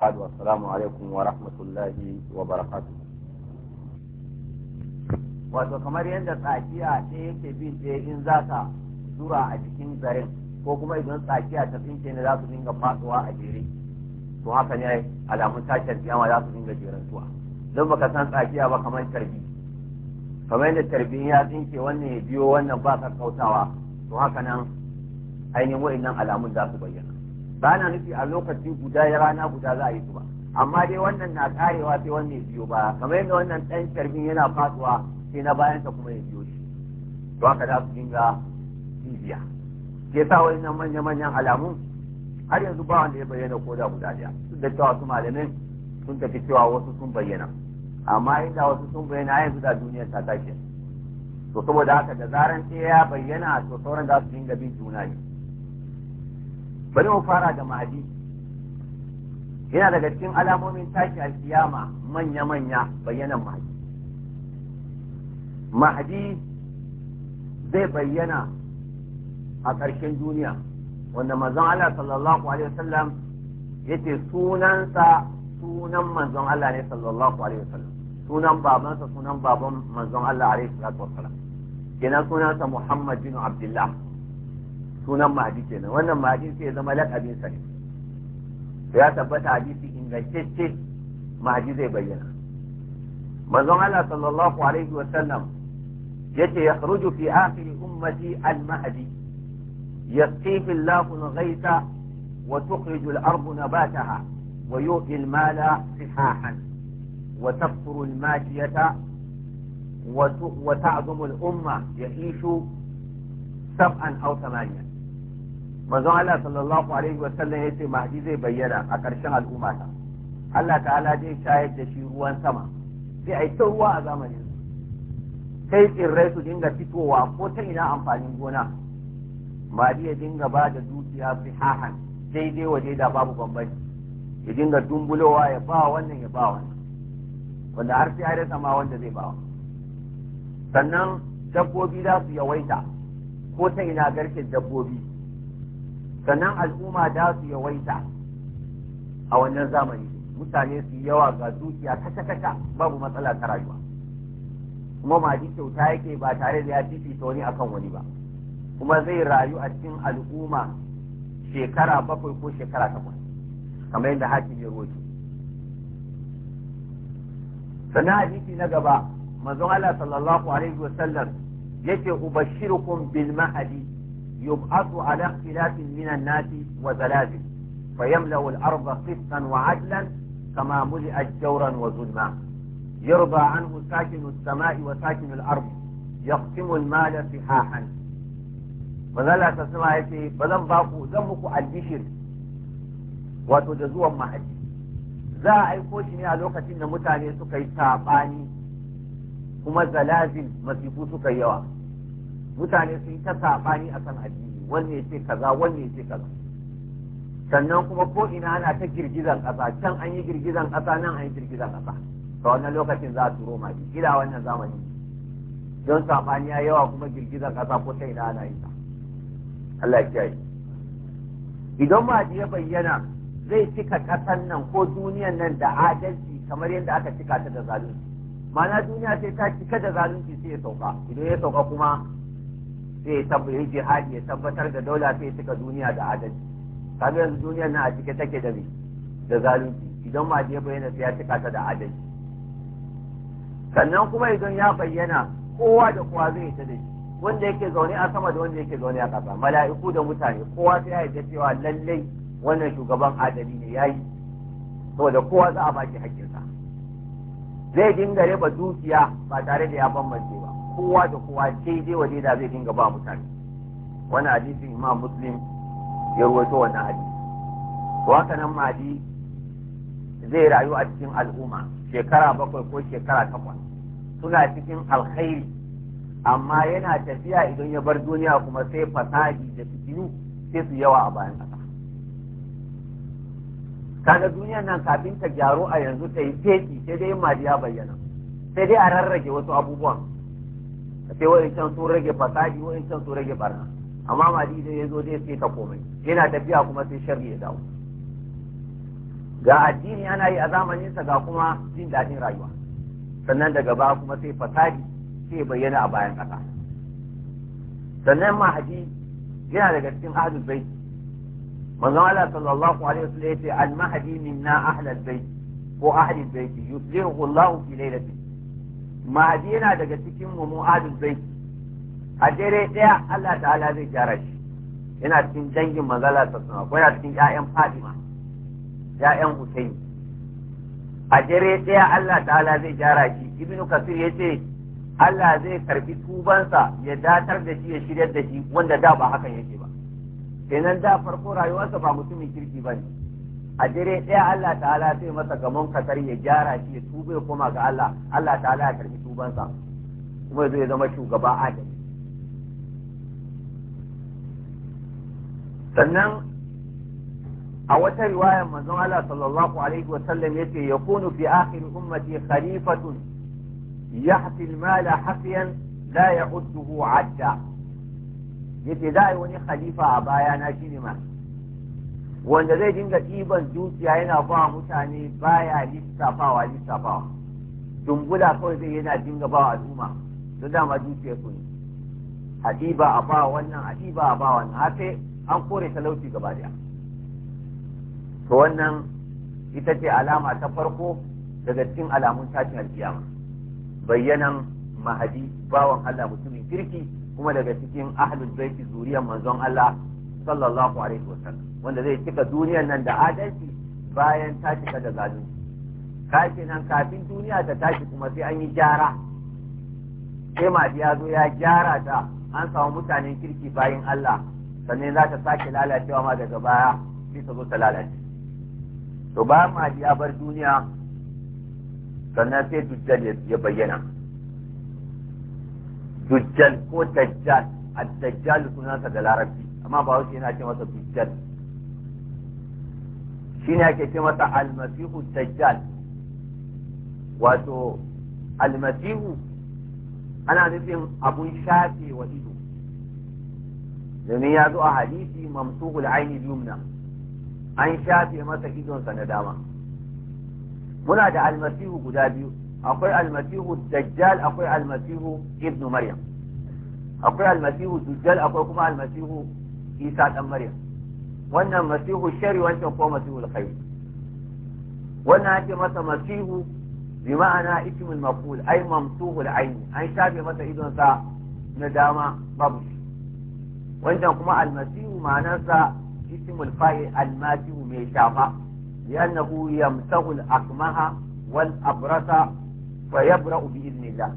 قال والسلام عليكم ورحمة الله وبركاته wato kamar yadda tsakiya ta yake bin ta in za ta zura a jikin zarin ko kuma idan tsakiya ta tsinke ne za su dinga fasuwa a jere to haka ne alamun tashar kiyama za su dinga jerantuwa don baka san tsakiya ba kamar tarbi kamar yadda tarbi ya tsinke wannan ya biyo wannan ba kautawa to haka nan ainihin wa'annan alamun za su bayyana ba na nufi a lokaci guda ya rana guda za a yi su ba amma dai wannan na karewa sai wannan ya biyo ba kamar yadda wannan ɗan sharbin yana faduwa sai na bayan ta kuma ya biyo shi to haka za su dinga bibiya ke sa wannan manya-manyan alamu har yanzu ba wanda ya bayyana ko da guda ɗaya duk da cewa su malamin sun tafi cewa wasu sun bayyana amma inda wasu sun bayyana yanzu da duniyar ta tashi to saboda haka da zaran ɗaya ya bayyana to sauran za su dinga bin juna ne bari mu fara da mahadi yana daga cikin alamomin taki alkiyama manya-manya bayyanan mahadi mahadi zai bayyana a ƙarshen duniya wanda manzon Allah sallallahu alaihi wasallam ce sunansa sunan manzon Allah ne sallallahu alaihi wasallam sunan babansa sunan baban manzon Allah alaihi wasallam kenan sunansa Muhammad bin Abdullah sunan mahadi kenan wannan mahadi sai ya zama lakabin sa ya tabbata hadisi ingantacce mahadi zai bayyana manzon Allah sallallahu alaihi wa sallam yace yakhruju fi akhir ummati al-mahdi yasqi Allahu al-ghaytha wa tukhriju al ard nabataha wa yu'ti al-mala sihahan wa tabturu al-majiyata wa al-umma يعيش سبعا أو ثمانية manzon Allah sallallahu alaihi wasallam yace mahdi zai bayyana a ƙarshen al'umma ta Allah ta'ala zai shayar da shi ruwan sama sai a ta ruwa a zamanin kai tsirrai su dinga fitowa ko ta ina amfanin gona mahdi ya dinga ba da dukiya fihahan daidai waje da babu bambanci ya dinga dumbulowa ya ba wannan ya ba wannan wanda har sai ya rasa ma wanda zai ba sannan dabbobi za su yawaita ko ta ina garken dabbobi sannan al'umma da su yawaita a wannan zamani mutane su yi yawa ga dukiya kasha kasha babu matsala ta rayuwa kuma maji kyauta yake ba tare da ya fifita wani akan wani ba kuma zai rayu a cikin al'umma shekara bakwai ko shekara takwas kamar yadda hakim ya roki sannan hadisi na gaba manzon Allah sallallahu alaihi wa sallam yake ubashirukum bil mahadi يبعث على اختلاف من الناس وزلازل فيملأ الأرض قسطا وعدلا كما ملئت جورا وظلما يرضى عنه ساكن السماء وساكن الأرض يقسم المال صحاحا فذلا تسمع يتي بلن باقو ذمكو البشر وتجزوا ما حدي ذا أي كوشني ألوكة إن متانيتك يتعباني هما زلازل مسيبوتك يوم mutane sun ta saɓani a san addini wanne ya ce kaza wanne ya ce kaza sannan kuma ko ina ana ta girgizan ƙasa can an yi girgizan ƙasa nan an yi girgizan ƙasa to wannan lokacin za a turo maji ila wannan zamani don saɓani ya yawa kuma girgizan kasa ko ta ina ana yi ta Allah ya yi idan maji ya bayyana zai cika ƙasan nan ko duniyan nan da adalci kamar yadda aka cika ta da zalunci ma'ana duniya sai ta cika da zalunci sai ya sauka idan ya sauka kuma sai ya jihadi ya tabbatar da daula sai ya cika duniya da adalci kaga yanzu duniyar na a cike take da me da zalunci idan ma je bayyana sai ya cika ta da adalci sannan kuma idan ya bayyana kowa da kowa zai yi ta da shi wanda yake zaune a sama da wanda yake zaune a ƙasa mala'iku da mutane kowa sai ya yarda cewa lallai wannan shugaban adali ne yayi saboda kowa za a baki hakkinsa zai dinga raba dukiya ba tare da ya bambance kowa da kowa daidai wa da zai dinga ba mutane wani hadisi imam muslim ya ruwaito wannan hadisi to haka nan zai rayu a cikin al'umma shekara bakwai ko shekara takwas suna cikin alkhairi amma yana tafiya idan ya bar duniya kuma sai fasadi da fitinu sai su yawa a bayan ƙasa kaga duniyar nan kafin ta gyaru a yanzu ta yi feki sai dai mahdi ya bayyana sai dai a rarrage wasu abubuwan ka ce wa'incan sun rage fasadi wa'incan sun rage barna amma mahdi da ya zo zai sai ta komai yana tafiya kuma sai sharri ya dawo ga addini ana yi a zamaninsa ga kuma jin daɗin rayuwa sannan daga baya kuma sai fasadi sai bayyana a bayan ƙasa sannan mahdi yana daga cikin ahlul bait manzon Allah sallallahu alaihi wasallam yace al mahdi minna ahlul bait ko ahlul bait yuslihu Allahu fi lailatin mahadi yana daga cikin mu mu'adun zai a dare daya Allah ta'ala zai gyara shi yana cikin dangin manzala sassana ko yana cikin ƴaƴan Fatima ƴaƴan Husaini a dare daya Allah ta'ala zai gyara shi ibnu kasir yace Allah zai karbi tubansa ya datar da shi ya shiryar da shi wanda da ba hakan yake ba kenan da farko rayuwarsa ba mutumin kirki ba ne a dare ɗaya Allah ta'ala sai masa gamon kasar ya gyara shi ya tube koma ga Allah Allah ta'ala ya karbi tubansa kuma zai zama shugaba adali sannan a wata riwayar manzon Allah sallallahu alaihi wasallam ya kunu fi akhir ummati khalifatun yahti al-mal hafiyan la ya'udduhu 'adda yace da ai wani khalifa a baya na shine ma wanda zai dinga ɗiban dukiya yana ba mutane baya lissafawa lissafawa dumbula kawai zai yana dinga ba al'umma to dama dukiyar ku ne a a ba wannan hadiba a ba wannan har sai an kore talauci gaba daya to wannan ita ce alama ta farko daga cikin alamun tashin alkiyama bayyanan mahadi bawan Allah mutumin kirki kuma daga cikin ahlul baiti zuriyar manzon Allah sallallahu alaihi wasallam wanda zai cika duniyar nan da adalci bayan ta cika da zalunci ka nan kafin duniya ta tashi kuma sai an yi gyara sai mahdi ya zo ya gyara ta an samu mutanen kirki bayan Allah sannan za ta sake lalacewa ma daga baya sai ta zo ta lalace to ba ma ya bar duniya sannan sai dujjal ya bayyana dujjal ko dajjal a dajjal sunansa da larabci amma ba wasu yana ce masa dujjal Shi ne ake ce masa almasihu dajjal wato almasihu ana nufin abun shafe wa ido domin ya zo a hadisi mamsuhul aini yumna an shafe masa idonsa na dama muna da almasihu guda biyu akwai almasihu dajjal akwai almasihu ibnu maryam akwai almasihu dajjal akwai kuma almasihu isa dan maryam wannan masihu shari wancan ko masihu alkhair wannan ake masa masihu bi ma'ana ismul maqul ai mamsuhul aini an shafe masa idonsa na dama babu shi kuma almasihu ma'anarsa ismul fa'il almasihu mai shafa yannabu yamsahu al-akmaha wal abrasa fa yabra'u bi idnillah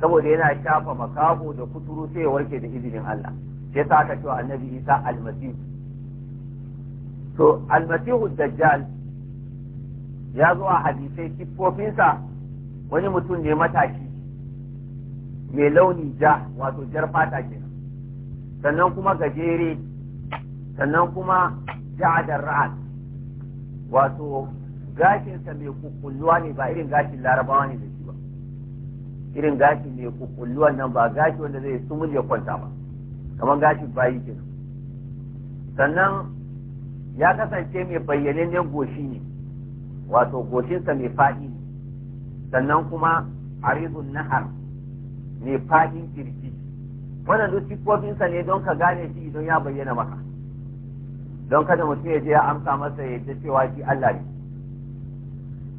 saboda yana shafa makaho da kuturu sai ya warke da izinin Allah sai sa aka cewa annabi Isa almasihu to almasihu dajjal ya zo a hadisai siffofinsa wani mutum ne matashi mai launi ja wato jar fata ke sannan kuma gajere sannan kuma ja'adar ra'ad wato gashinsa mai kukulluwa ne ba irin gashin larabawa ne da shi ba irin gashin mai kukulluwa nan ba gashi wanda zai sumul ya kwanta ba kamar gashin bayi kenan sannan ya kasance mai bayyanannen goshi ne wato goshinsa mai faɗi sannan kuma arizun nahar mai faɗin kirki. wannan duk sifofinsa ne don ka gane shi idan ya bayyana maka don kada mutum ya je ya amsa masa ya ta cewa shi Allah ne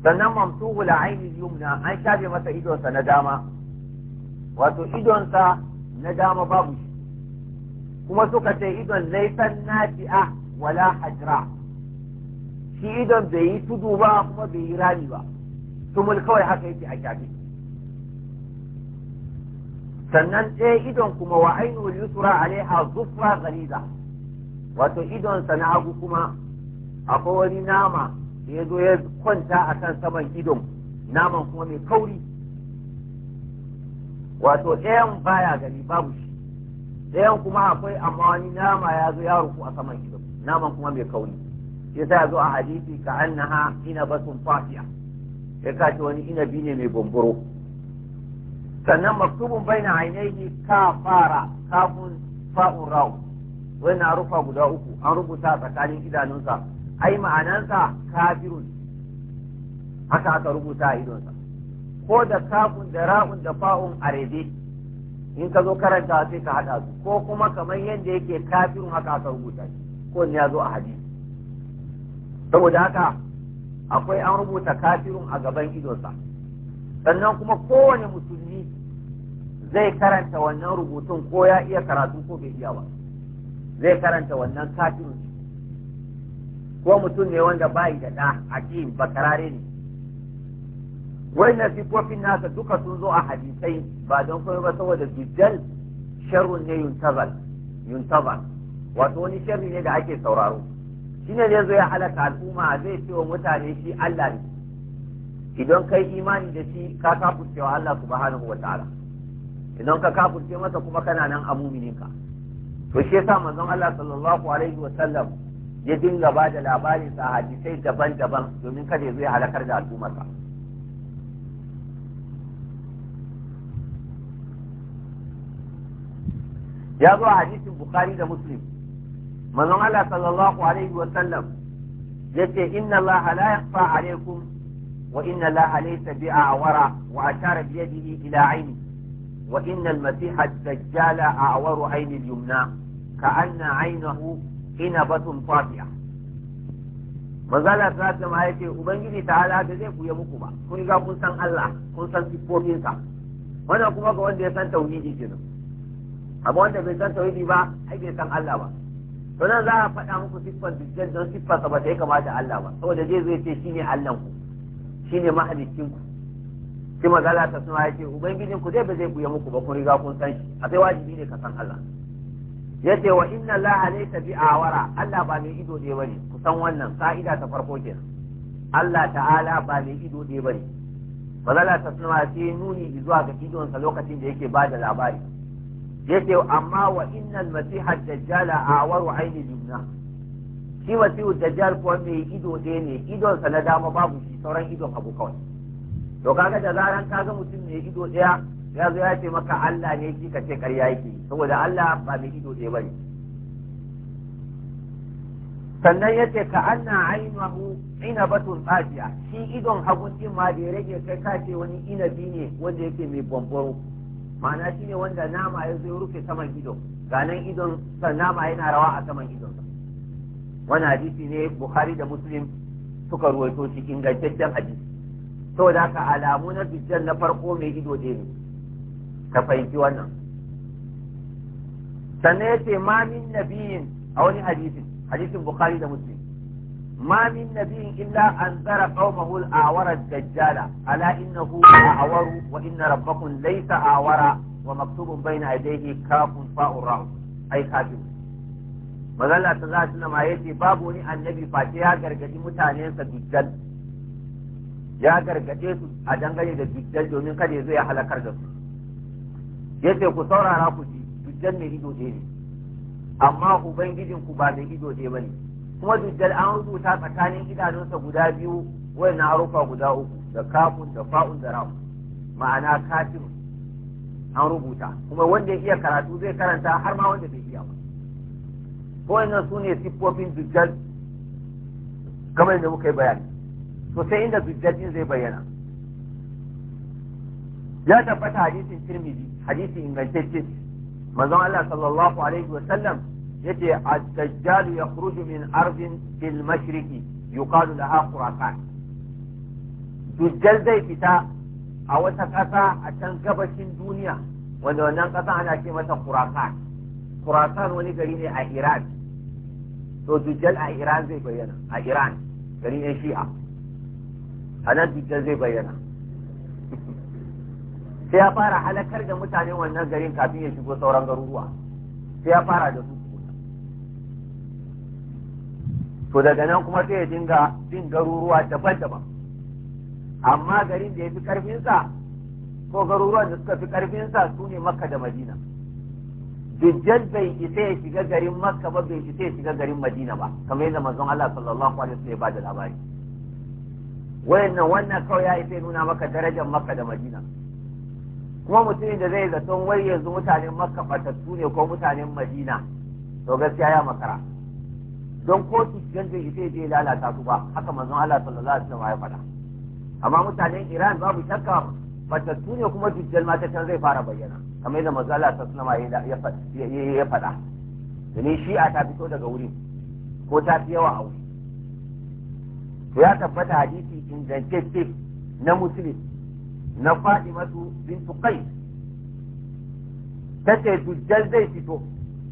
sannan mamsuhu la ainihi yumna an shafe masa idonsa na dama wato idonsa na dama babu shi kuma suka ce idon laisan nafi'a wala hajra shi idon bai yi tudu ba kuma bai yi rami ba tumul kawai haka yake a shafi sannan ɗaya idon kuma wa ainihin yusra alaiha zufra ghaliza wato idonsa na hagu kuma akwai wani nama da ya zo ya kwanta a kan saman idon naman kuma mai kauri wato ɗayan baya gani babu shi ɗayan kuma akwai amma wani nama ya zo ya ruku a saman idon naman kuma mai kauri yasa zo a hadisi ka annaha inabatun fasiya ya kace wani inabi ne mai bumburo sannan maktubun baina ainihi ka fara kafun fa'un wani na rufa guda uku an rubuta tsakanin idanunsa ai ma'anansa kafirun haka aka rubuta a idonsa ko da kafun da ra'un da fa'un a in ka zo karanta sai ka haɗa su ko kuma kamar yadda yake kafirun haka aka rubuta shi ko ne ya zo a hadisi saboda haka akwai an rubuta kafirun a gaban idonsa sannan kuma kowane musulmi zai karanta wannan rubutun ko ya iya karatu ko bai iya ba zai karanta wannan kafirun ko mutum ne wanda bayi da ɗa a ba karare ne wannan sifofin nasa duka sun zo a hadisai ba don kuma ba saboda dujjal sharrun ne yuntazal yuntazal wato wani sharri ne da ake sauraro ne zai zo ya halaka al'umma zai ce wa mutane shi Allah ne idan kai imani da shi ka kafurce wa Allah subhanahu ta'ala idan ka kafurce masa kuma kana nan a mumininka to shi yasa manzon Allah sallallahu alaihi wa sallam ya dinga ba da labarin sa hadisai daban-daban domin kada ya zo ya halakar da al'ummarsa ya zo a hadisin bukhari da muslim manzon Allah sallallahu alaihi wa sallam yace inna Allah la yakhfa alaikum wa inna Allah laysa awara wa ashara bi yadihi ila aini wa inna al-masih ad-dajjal a'waru ayni al-yumna ka'anna aynahu inabatun fatiha manzon Allah sallallahu alaihi yace ubangiji ta'ala da zai kuya muku ba kun ga kun san Allah kun san sifofinsa wannan kuma ga wanda ya san tauhidi kenan amma wanda bai san tauhidi ba ai bai san Allah ba to za a faɗa muku siffar dukkan don siffar sa ba ta yi kamata Allah ba saboda zai zai ce shine Allah ku shine mahalicin ku shi magana ta suna ya ce ubangijin ku zai ba zai buya muku ba kun riga kun san shi a sai wajibi ne ka san Allah ya ce wa inna Allah laysa bi awara Allah ba mai ido ɗaya bane ku san wannan ka'ida ta farko kenan Allah ta'ala ba mai ido dai bane magana ta suna ya ce nuni zuwa ga idonsa lokacin da yake ba da labari yake amma wa innal masiha dajjala awaru aini yumna shi masihu dajjal ko mai ido ɗaya ne idon sa na dama babu shi sauran idon abu kawai to kaga da zaran kaga mutum mai ido daya ya zo ya ce maka Allah ne shi ka ce ƙarya yake saboda Allah ba mai ido ɗaya bane sannan yace ka anna ainuhu inabatun tsafiya shi idon hagun din ma da ya rage kai ka ce wani inabi ne wanda yake mai bambaro ma'ana shine wanda nama ya zo rufe saman ido ganin idon sa nama yana rawa a saman idon wannan hadisi ne bukhari da muslim suka ruwaito shi ingantaccen hadisi saboda ka alamu na bijjan na farko mai ido ɗaya ne ka fahimci wannan sannan ya ma min nabiyin a wani hadisin hadisin bukhari da muslim ما من نبي إلا أنذر قومه الأعور الدجال ألا إنه أعور وإن ربكم ليس أعور ومكتوب بين يديه كاف فاء راء أي كافر manzon Allah sallallahu alaihi wasallam yace babu wani annabi face ya gargadi mutanensa dujjal ya gargade su a dangane da dujjal domin kada ya zo ya halakar da su yace ku saurara ku ji dujjal mai ido ne amma ubangijin ku ba da ido ɗaya bane kuma dujjal an rubuta tsakanin idanunsa guda biyu na rufa guda uku da kafun da fa'un da ra'u ma'ana kafin an rubuta kuma wanda ya iya karatu zai karanta har ma wanda bai iya ba wannan su ne siffofin dujjal kamar yadda muka yi bayani to sai inda dujjal zai bayyana ya tabbata hadisin tirmidhi hadisi ingantacce manzon Allah sallallahu alaihi wa sallam yace ad-dajjal yakhruju min ardin bil mashriqi yuqalu laha khurasan dujjal zai fita a wata ƙasa a can gabashin duniya wanda wannan ƙasa ana ce mata khurasan khurasan wani gari ne a iran to dujjal a iran zai bayyana a iran gari ne shi'a a nan dujjal zai bayyana sai ya fara halakar da mutane wannan garin kafin ya shigo sauran garuruwa sai ya fara da su to daga nan kuma sai ya dinga bin garuruwa daban-daban amma garin da ya fi karfinsa ko garuruwan da suka fi karfinsa su ne makka da madina dujjal bai isa ya shiga garin makka ba bai isa ya shiga garin madina ba kamar yadda manzon Allah sallallahu alaihi wasallam ya bada labari wayannan wannan kawai ya isa nuna maka darajar makka da madina kuma mutumin da zai zaton wai yanzu mutanen makka batattu ne ko mutanen madina to gaskiya ya makara don ko su canjin ita je lalata su ba haka mazan Allah sallallahu alaihi wasallam ya faɗa amma mutanen Iran babu shakka matattu ne kuma dujjal ma ta zai fara bayyana kamar yadda manzon Allah sallallahu alaihi wasallam ya faɗa ni shi'a ta fito daga wurin ko ta fi yawa a wuri to ya tabbata hadisi ingantacce na musulun na faɗi bin bintu Ta ce dujjal zai fito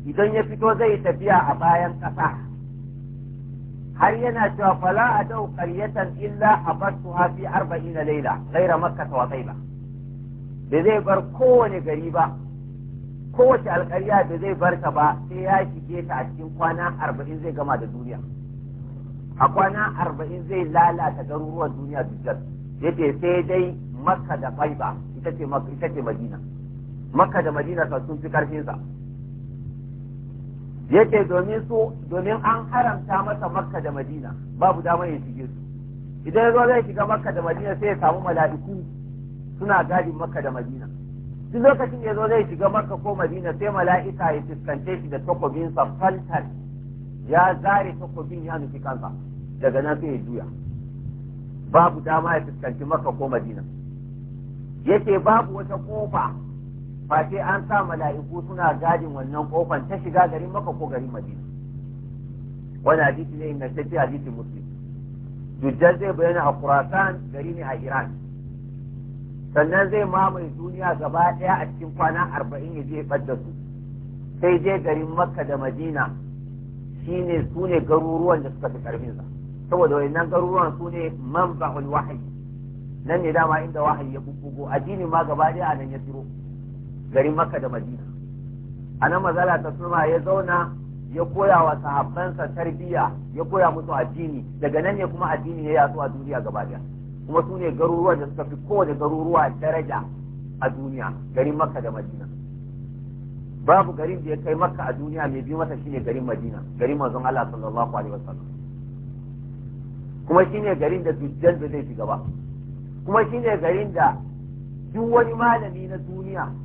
idan ya fito zai tafiya a bayan ƙasa har yana cewa fala a dau qaryatan illa ha fi 40 layla ghaira makkah wa taiba da zai bar kowane gari ba kowace alƙarya da zai bar ta ba sai ya shige ta a cikin kwana arba'in zai gama da duniya a kwana arba'in zai lalata garuruwan duniya dukkan yace sai dai makka da taiba ita ce ita ce madina makka da madina sun fi karfin sa yake domin su domin an haramta masa makka da madina babu damar ya shige su idan ya zo zai shiga makka da madina sai ya samu mala'iku suna gadin makka da madina duk lokacin ya zo zai shiga makka ko madina sai mala'ika ya fuskance shi da takobinsa faltan ya zare takobin ya nufi kansa daga nan sai ya juya babu dama ya fuskanci makka ko madina yake babu wata kofa ba sai an sa mala'iku suna gadin wannan kofan ta shiga garin maka ko garin madina wani hadisi ne ingantacce hadisi muslim dujjal zai bayyana a kurasan gari ne a iran sannan zai mamaye duniya gaba daya a cikin kwana arba'in ya je su sai je garin makka da madina shine su ne garuruwan da suka fi sa saboda wayannan garuruwan su ne manba'ul wahayi nan ne dama inda wahayi ya bubbugo addini ma gaba daya a nan ya tiro garin Makka da Madina a nan mazala ta suma ya zauna ya koya wa sahabbansa tarbiyya ya koya musu addini daga nan ne kuma addini ya yaso a duniya gaba daya kuma su ne garuruwa da suka fi kowane garuruwa daraja a duniya garin Makka da Madina babu garin da ya kai Makka a duniya mai bi masa shine garin Madina garin manzon Allah sallallahu alaihi wasallam kuma shine garin da dujjal da zai shiga ba kuma shine garin da duk wani malami na duniya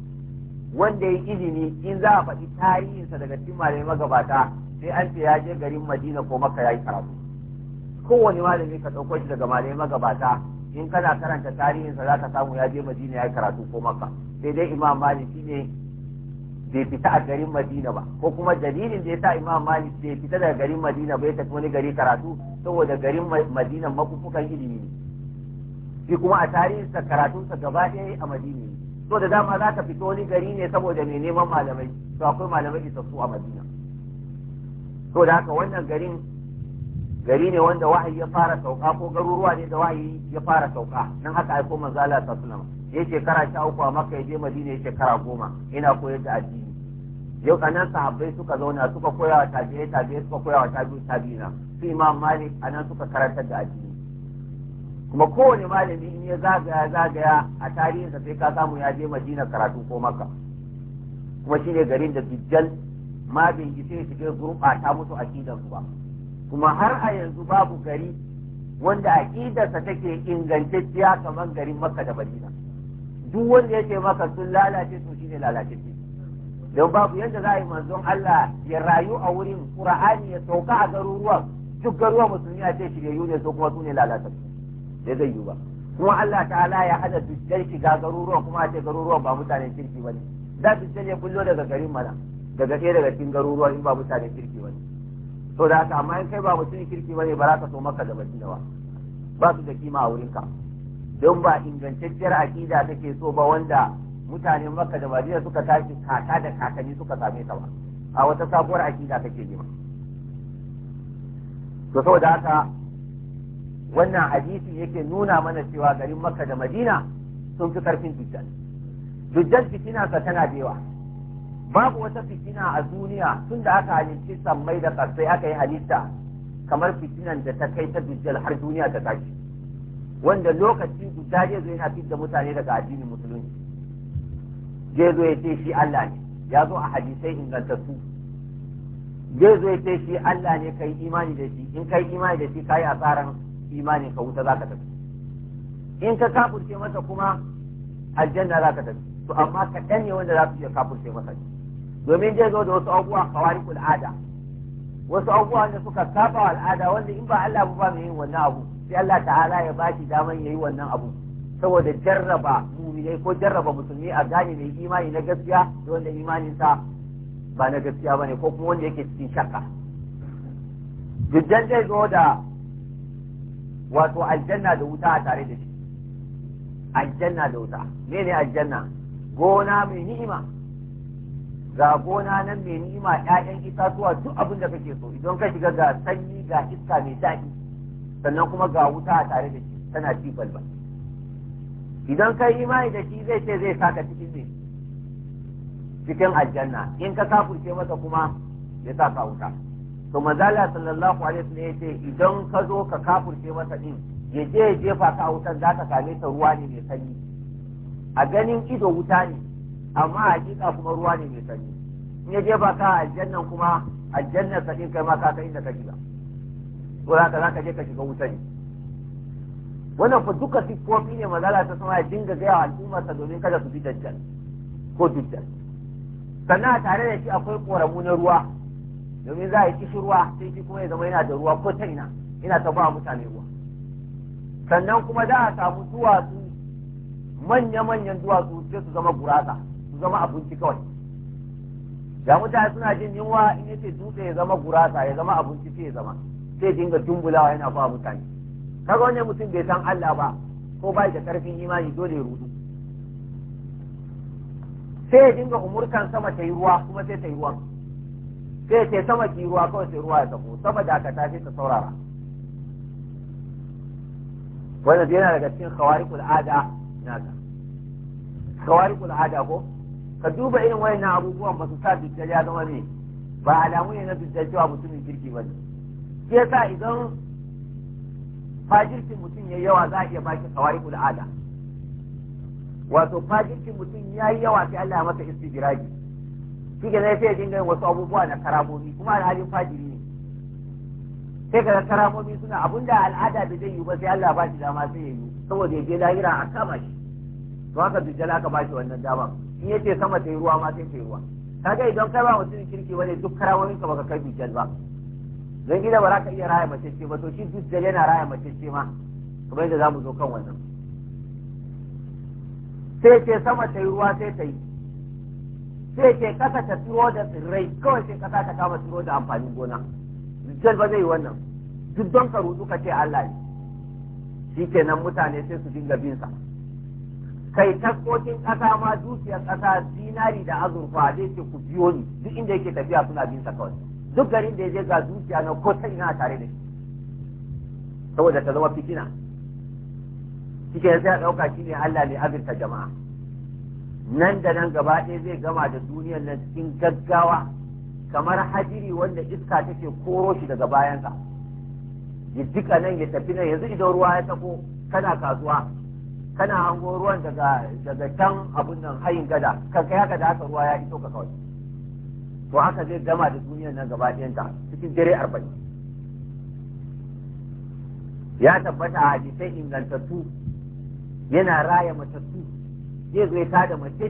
wanda ya ilimi in za a faɗi tarihinsa daga cikin malamai magabata sai an ce ya je garin madina ko maka ya yi karatu kowane malami ka ɗauko shi daga malamai magabata in kana karanta tarihinsa za ka samu ya je madina ya yi karatu ko maka sai dai imam malik shine bai fita a garin madina ba ko kuma dalilin da ya sa imam malik bai fita daga garin madina ba ya tafi wani gari karatu saboda garin madina mafufukan ilimi ne shi kuma a tarihinsa karatunsa gaba ɗaya a madina so da dama za ka fito wani gari ne saboda mai neman malamai to akwai malamai isassu a madina so da haka wannan garin gari ne wanda wahayi ya fara sauka ko garuruwa ne da wahayi ya fara sauka nan haka aiko manzo Allah sallallahu alaihi wasallam ya shekara sha uku a Makka ya je Madina ya shekara goma ina koyar da addini yau anan sahabbai suka zauna suka koya wa tabi'ai tabi'ai suka koya wa tabi'ai tabi'ina su Imam Malik anan suka karantar da addini kuma kowane malami in ya zagaya zagaya a tarihinsa sai ka samu ya je madina karatu ko maka kuma shi ne garin da dijjal ma bai sai shiga gurɓata musu aƙidarsu ba kuma har a yanzu babu gari wanda aƙidarsa take ingantacciya kamar garin makka da madina duk wanda ya ce maka sun lalace to shine lalatacce don babu yadda za a yi manzon Allah ya rayu a wurin Qur'ani ya sauka a garuruwan duk garuruwan musulmi a ce shiryayyu ne so kuma su ne lalatattu da zai yi ba kuma Allah ta'ala ya hada dukkan shiga garuruwa kuma a ce garuruwa ba mutanen kirki ba ne da dukkan ya kullo daga garin mana daga ɗaya daga cikin garuruwa in ba mutanen kirki ba ne to da haka amma in kai ba mutumin kirki bane ba za ka so maka da da ba ba su da kima a wurinka don ba ingantacciyar aƙida take so ba wanda mutanen makka da madina suka tashi kaka da kakanni suka same ta ba a wata sabuwar aƙida take nema to saboda haka wannan hadisin yake nuna mana cewa garin makka da madina sun fi karfin dujjal dujjal fitina sa tana da yawa babu wata fitina a duniya tun da aka halicci sammai da ƙasai aka yi halitta kamar fitinan da ta kai ta dujjal har duniya ta tashi wanda lokaci guda zai zo yana fitar mutane daga addinin musulunci zai zo ya ce shi Allah ne ya zo a hadisai ingantattu zai zo ya ce shi Allah ne kai imani da shi in kai imani da shi kai tsaran imani ka wuta zaka tafi in ka kafurce masa kuma aljanna zaka tafi to amma kaɗan ne wanda za su iya kafurce masa domin zai zo da wasu abubuwa kawari ada wasu abubuwa da suka saba al'ada wanda in ba Allah ba mai yin wannan abu sai Allah ta'ala ya ba shi daman yayi wannan abu saboda jarraba mu'minai ko jarraba musulmi a gane mai imani na gaskiya da wanda imanin sa ba na gaskiya bane ko kuma wanda yake cikin shakka dujjan zai zo da wato aljanna da wuta a tare da shi aljanna da wuta mene aljanna gona mai ni'ima ga gona nan mai ni'ima ƴaƴan itatuwa duk abin da kake so idan ka shiga ga sanyi ga iska mai daɗi sannan kuma ga wuta a tare da shi tana ci balbal idan ka imani da shi zai ce zai saka cikin ne cikin aljanna in ka kafurce masa kuma ya saka wuta to mazala sallallahu alaihi wasallam yace idan ka zo ka kafurce masa din ya je ya jefa ka a wutan za ka same ta ruwa ne mai sanyi a ganin ido wuta ne amma a hakika kuma ruwa ne mai sanyi in ya jefa ka a aljannan kuma aljannan sa din kai ma ka kai inda ka shiga to za ka za ka je ka shiga wuta ne wannan fa duka siffofi ne mazala ta sama ya dinga gaya wa al'ummarsa domin kada su bi dajjal ko dujjal sannan a tare da shi akwai ƙoramu na ruwa domin za a yi kishirwa sai shi kuma ya zama yana da ruwa ko ta ina yana ta ba mutane ruwa sannan kuma za a samu duwatsu manya-manyan duwatsu sai su zama gurasa su zama abinci kawai da mutane suna jin yunwa in ce dutse ya zama gurasa ya zama abinci sai ya zama sai dinga dumbulawa yana ba mutane kaga wannan mutum bai san Allah ba ko ba da karfin imani dole ya rudu sai ya dinga umurkan sama ta yi ruwa kuma sai ta yi ruwan sai ce sama ki ruwa kawai sai ruwa ya sako sama da aka tashi ta saurara wannan yana daga cikin kula ada naka kula ada ko ka duba irin wayannan abubuwan ba su sa dukkan ya zama ne ba alamu ne na dukkan cewa mutumin kirki ba ne shi yasa idan fajirkin mutum ya yawa za a iya baki kula ada wato fajirkin mutum ya yi yawa sai Allah ya masa istijiraji shi ke zai sai dinga yin wasu abubuwa na karamomi kuma alhalin fajiri ne sai ka karamomi suna da al'ada bai zai yi ba sai Allah ba shi dama sai ya yi saboda ya je lahira a kama shi to haka dujjala ka ba shi wannan dama in ya ce sama ta yi ruwa ma sai ta yi ruwa kaga idan kai ba mutum kirki wani duk karamomin ka baka kai dujjal ba don gida ba za ka iya raya mace ce ba to shi dujjal yana raya mace ce ma kamar yadda za mu zo kan wannan sai ce sama ta yi ruwa sai ta yi sai ke kasa ta tsiro da tsirrai kawai sai kasa ta kama tsiro da amfanin gona Zai ba zai wannan duk don ka rudu ka ce Allah ne nan mutane sai su dinga bin sa kai taskokin kasa ma dukiyar kasa zinari da azurfa zai ce ku biyo ni duk inda yake tafiya suna bin sa kawai duk garin da ya je ga dukiya na ko sai ina tare da shi saboda ta zama fitina shi shikenan sai a shi shine Allah ne azurta jama'a nan da nan gaba ɗaya zai gama da duniyar nan cikin gaggawa kamar hajiri wanda iska take koro shi daga bayansa ya jika nan ya tafi nan yanzu idan ruwa ya tako kana kasuwa kana hango ruwan daga daga can abun nan hayin gada ka kai haka da haka ruwa ya iso ka kawai to haka zai gama da duniyar nan gaba ɗayanta cikin dare arba'in ya tabbata a hadisai ingantattu yana raya matattu zai zo ya tada mace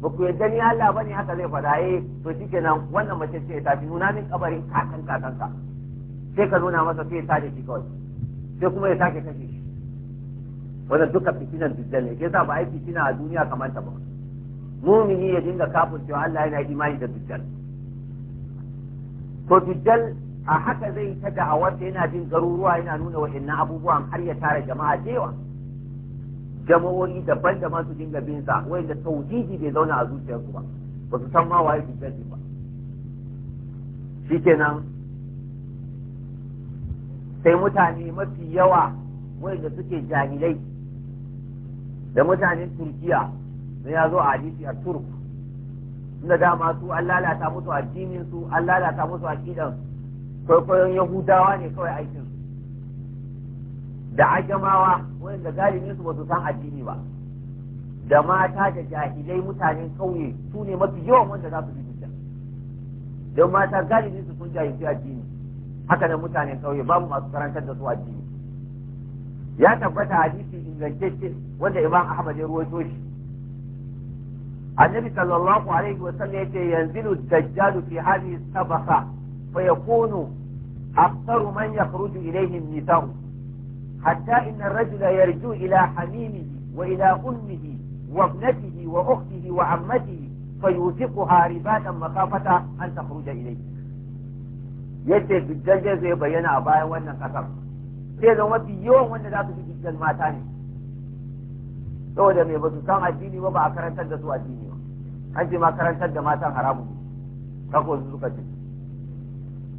ba ku yarda ni Allah bane haka zai faɗa eh to shikenan wannan mace ce ta fi nuna min kabarin kakan kakanka sai ka nuna masa sai ya da shi kawai sai kuma ya sake kashe shi wannan duka fitinan dujjal ne ke sa ba ai fitina a duniya kamar ta ba mumini ya dinga kafin cewa Allah yana imani da dujjal to dujjal a haka zai ta da'awar yana jin garuruwa yana nuna wa'annan abubuwan har ya tara jama'a jewa jama'o'i daban-daban su dinga bin sa wanda tauhidi bai zauna a zuciyarsu ba ba su san ma waye tijjani ba shikenan sai mutane mafi yawa wanda suke jahilai da mutanen turkiya na ya zo a hadisi a turk da dama su an lalata musu addinin su an lalata musu aqidan kwaikwayon yahudawa ne kawai aikin da ajamawa wanda galibin su ba su san addini ba da mata da jahilai mutanen kauye su ne mafi yawan wanda za su bi dukkan don mata galibin su sun jahilci addini haka da mutanen kauye babu masu karantar da su addini ya tabbata hadisi ingantacce wanda imam ahmad ya ruwaito shi annabi sallallahu alaihi wa sallam yace yanzilu dajjalu fi hadhihi sabaqa fa yakunu aktharu man yakhruju ilayhi nisa'u حتى إن الرجل يرجو إلى حميمه وإلى أمه وابنته وأخته وعمته فيوثقها رباتا مخافة أن تخرج إليه yadda dujjal zai zai bayyana a bayan wannan kasar sai zama mafi yawan wanda za su fi dujjal mata ne saboda mai ba su san addini ba ba a karantar da su addini ba an ce ma karantar da matan haramun ne kako su suka ce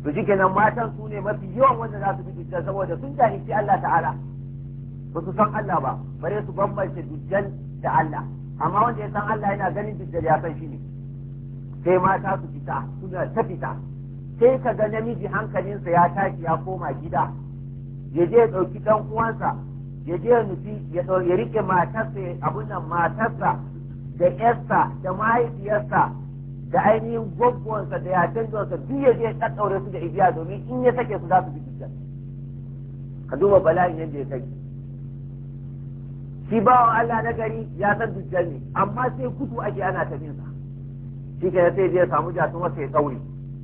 to shi kenan matan su ne mafi yawan wanda za su bi dujjal saboda sun jahilci Allah ta'ala ba su san Allah ba bare su bambance dujjal da Allah amma wanda ya san Allah yana ganin dujjal ya san shi ne sai mata su fita suna ta fita sai ka ga namiji hankalinsa ya tashi ya koma gida ya je ya ɗauki ɗan uwansa ya je ya nufi ya rike matarsa abun nan matarsa da yarsa da mahaifiyarsa da ainihin gwaggwansa da yatan zuwansa duk ya je ɗaɗɗaure su da igiya domin in ya sake su za su fi jijjar ka duba bala'in yadda ya kai shi ba wa Allah na gari ya san dujjal ne amma sai kudu ake ana tafin sa shi ka sai ya samu jatun wata ya tsaure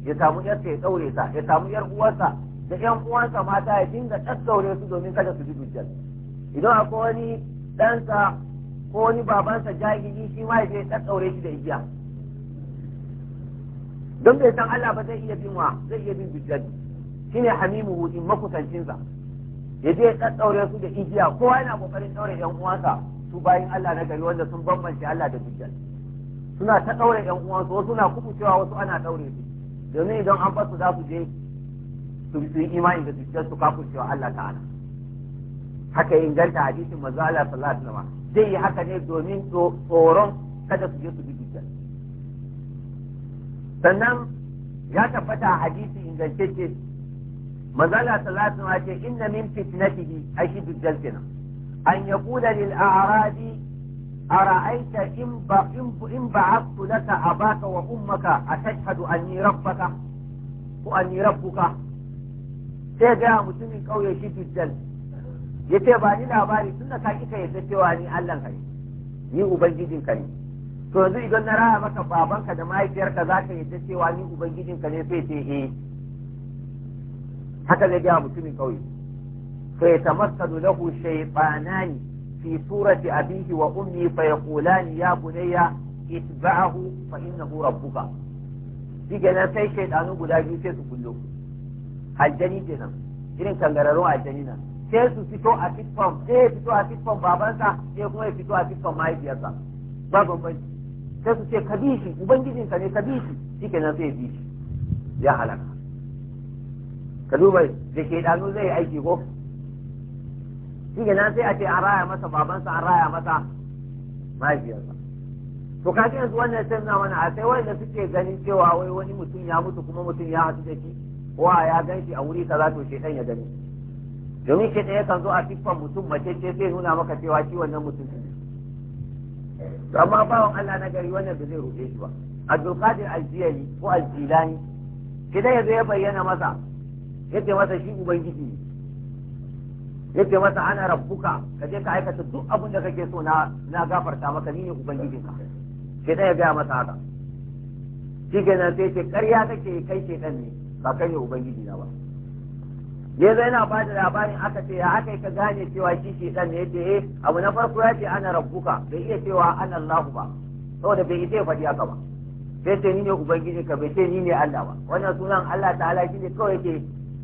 ya samu yar ya tsaure sa ya samu yar uwarsa da yan uwansa mata ya dinga ɗaɗɗaure su domin kada su ji dujjal idan akwai wani ɗansa ko wani babansa jahili shi ma ya je ɗaɗɗaure shi da igiya don bai san Allah ba zai iya bin wa zai iya bin shi shine hamimu in makusancinsa ya je ya daure su da igiya kowa yana kokarin daure yan uwansa su bayan Allah na gari wanda sun bambance Allah da dujjal suna ta daure yan uwansu wasu na kubucewa wasu ana daure su domin idan an basu za su je su yi imani da dujjal su kafurcewa Allah ta'ala haka inganta hadisin manzo Allah sallallahu alaihi wasallam zai yi haka ne domin tsoron kada su je su bi dujjal sannan ya tabbata a hadisi ingantacce manzala salatu ma ce inna min fitnatihi ashidu jalfina an yaqula lil a'radi ara'aita in ba in ba'athu laka abaka wa ummaka atashhadu anni rabbaka ko anni rabbuka sai ga mutumin kauye shi dujjal yace ba ni labari tunda ka kika yadda cewa ni Allah ka ni ubangijin ka ne to yanzu idan na raya maka babanka da mahaifiyarka za ka yadda cewa ni ubangijinka ne sai ce eh haka zai gaya mutumin kauye fa yatamassalu lahu shaytanani fi surati abihi wa ummi fa yaqulani ya bunayya itba'ahu fa innahu rabbuka diga nan sai shaydanu guda biyu sai su kullo aljani kenan irin kangararrun aljani nan sai su fito a tiffan sai ya fito a fitfan babansa sai kuma ya fito a fitfan mahaifiyarsa ba bambanci sai su ce ka bi shi ka ne ka bi shi nan sai bi shi ya halaka ka duba da ke dano zai aiki ko nan sai a ce a raya masa babansa a raya masa mahaifiyarsa to ka yanzu wannan sai na wani a sai wanda suke ganin cewa wai wani mutum ya mutu kuma mutum ya hatu da shi ko a ya gan shi a wuri kaza to shedan ya gani domin ɗaya yakan zo a siffan mutum mace ce sai nuna maka cewa shi wannan mutum to amma wa Allah na gari wannan ba zai rufe shi ba Abdul Qadir Al-Jilani ko Al-Jilani ya yazo ya bayyana masa yace masa shi ubangiji ne yace masa ana rabbuka ka je ka aikata duk abin da kake so na na gafarta maka ni ne ubangijinka kida ya gaya masa haka shi kenan sai ce ƙarya kake kai dan ne ba kai ne ubangiji na ba da zai yana ba da labarin aka ce ya aka ka gane cewa shi shi dan ne yace eh, abu na farko ya ce ana rabbuka bai iya cewa ana Allah ba saboda bai iya faɗi haka ba sai ce ni ne ubangiji ka bai ce ni ne Allah ba wannan sunan Allah ta'ala shi ne kawai yake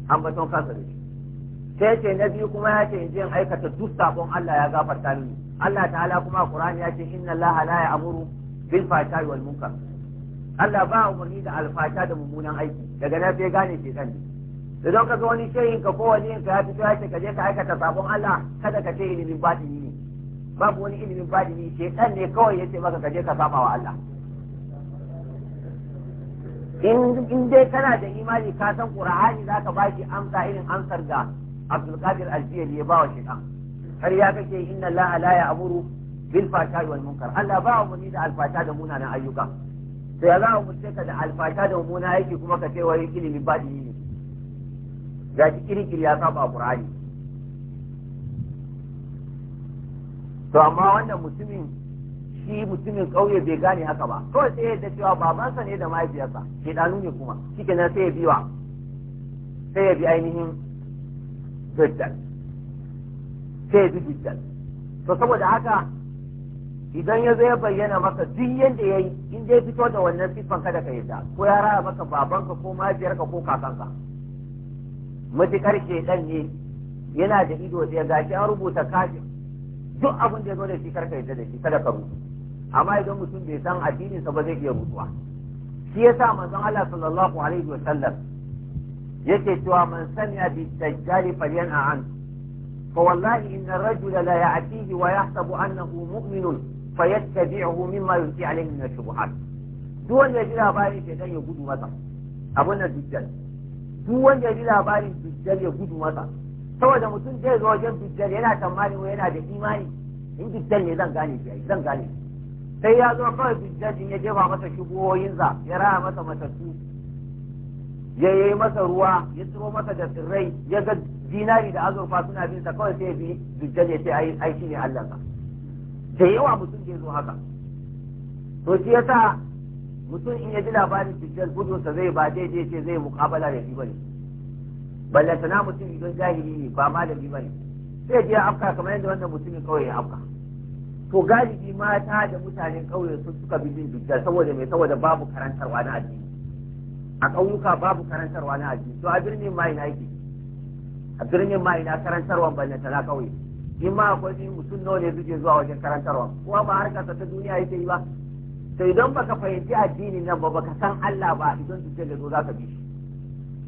ambaton kansa da shi sai ce na biyu kuma ya ce in je aikata duk sabon Allah ya gafarta mini Allah ta'ala kuma Qur'ani ya ce inna Allah la ya'muru bil fahsha'i wal munkar Allah ba umarni da alfata da mummunan aiki daga nan sai gane ke kan ne idan ka ga wani shehin ka ko wani ka ya fito ya ce ka je ka aikata sabon Allah kada ka ce ilimin batini ne babu wani ilimin batini shedan ne kawai ya ce maka ka je ka saba wa Allah in dai kana da imani ka san qur'ani zaka baki amsa irin amsar da Abdul Qadir Al-Jiyali ya bawa shedan har ya kace inna Allah la ya'muru bil fahsha'i wal munkar Allah ba mu ni da alfasha da munana ayyuka sai ya za mu ce ka da alfasha da munana aiki kuma ka ce wai ilimin batini ne ga shi iri-iri ya saba Qur'ani to amma wannan mutumin shi mutumin ƙauye bai gane haka ba kawai sai yadda cewa babansa ne da mahaifiyarsa ke ɗanu ne kuma shi kenan sai ya biwa sai ya bi ainihin jiddal sai ya bi jiddal to saboda haka idan ya zo ya bayyana maka duk yadda ya yi in dai fito da wannan sifan kada ka yadda ko ya raba maka babanka ko mahaifiyarka ko kakanka matuƙar shedan ne yana da ido sai shi an rubuta kafin duk abin da ya zo da shi karka yadda da shi kada ka rubuta amma idan mutum bai san addinin sa ba zai iya rubuwa shi yasa manzon Allah sallallahu alaihi wa sallam yake cewa man sami'a bi dajjal falyan'a an fa wallahi inna ar-rajula la ya'tihi wa yahsabu annahu fa yattabi'uhu mimma yuti min ash-shubuhat duk wanda ya ji labarin sai dan ya gudu masa abun nan dajjal duk wanda ji labarin bijjar ya gudu masa saboda mutum zai zo wajen bijjar yana tsammanin yana da imani in bijjar ne zan gane shi zan gane sai ya zo kawai din ya jefa masa za ya raya masa matattu ya yi masa ruwa ya tsiro masa da tsirrai ya ga dinari da azurfa suna bin sa kawai sai bi bijjar ya ce ai shi ne Allah da yawa mutum zai zo haka to shi yasa mutum in ya ji labarin cutar gudunsa zai ba daidai ce zai mukabala da bane ballantana mutum idan jahili ne ba malami bane sai je afka kamar yadda wannan mutumin kawai ya afka to galibi mata da mutanen kauye sun suka bi jin cutar saboda mai saboda babu karantarwa na addini a kauyuka babu karantarwa na addini to a birnin ma ina yake a birnin ma ina karantarwa ballantana kauye in ma akwai mutum nawa ne suke zuwa wajen karantarwa kuma ba harkarsa ta duniya yake yi ba to idan baka fahimci addini nan ba baka san Allah ba idan su da zo zaka bi shi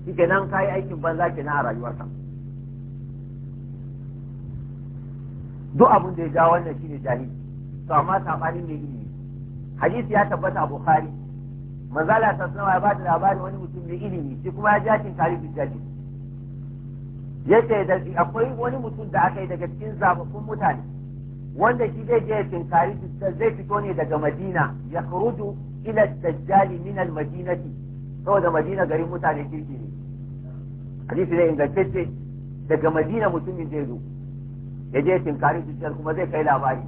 shike nan kai aikin banza kenan a rayuwarka duk abin da ya ja wannan shine jahili to amma sabani ne ilimi hadisi ya tabbata a bukhari manzala ta sanawa ya bada labarin wani mutum mai ilimi shi kuma ya jakin tarihi jakin yace da akwai wani mutum da aka yi daga cikin zababbun mutane wanda shi zai je tinkari zai fito ne daga madina ya khuruju ila dajjali min al madinati saboda madina garin mutane kirki ne hadisi ne ingantacce daga madina mutumin zai zo ya je tinkari dajjal kuma zai kai labari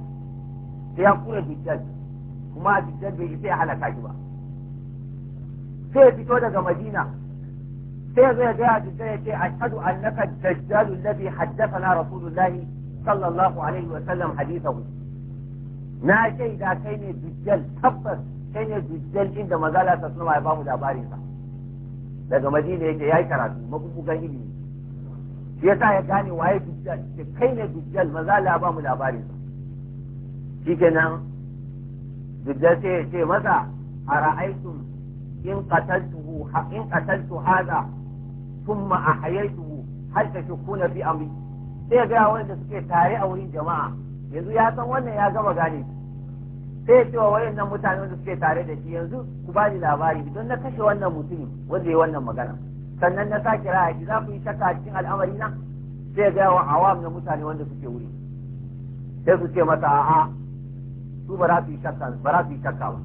sai ya kura dajjal kuma dajjal bai sai ya halaka shi ba sai ya fito daga madina sai ya zo ya ga dajjal ya ce ashhadu annaka dajjalul ladhi haddathana rasulullahi sallallahu alaihi wa sallam hadithahu na shaida kai ne dujjal tabbas kai ne dujjal inda mazala ta sunama ya ba mu labarin sa daga madina yake yayi karatu mabubugan ilimi shi yasa ya gane waye dujjal ce kai ne dujjal mazala ya ba mu labarin sa shikenan dujjal sai ya ce masa ara'aytum in qataltuhu in qataltu hadha thumma ahyaytuhu hal tashkuna fi amri sai gaya wanda suke tare a wurin jama'a yanzu ya san wannan ya gama gane sai ya cewa wayannan mutane wanda suke tare da shi yanzu ku ba ni labari don na kashe wannan mutumin wanda ya wannan magana sannan na sake raya shi za ku yi shakka a cikin al'amari na sai ya gaya wa awam na mutane wanda suke wuri sai su ce masa a'a su ba za su yi shakka ba za su yi shakka ba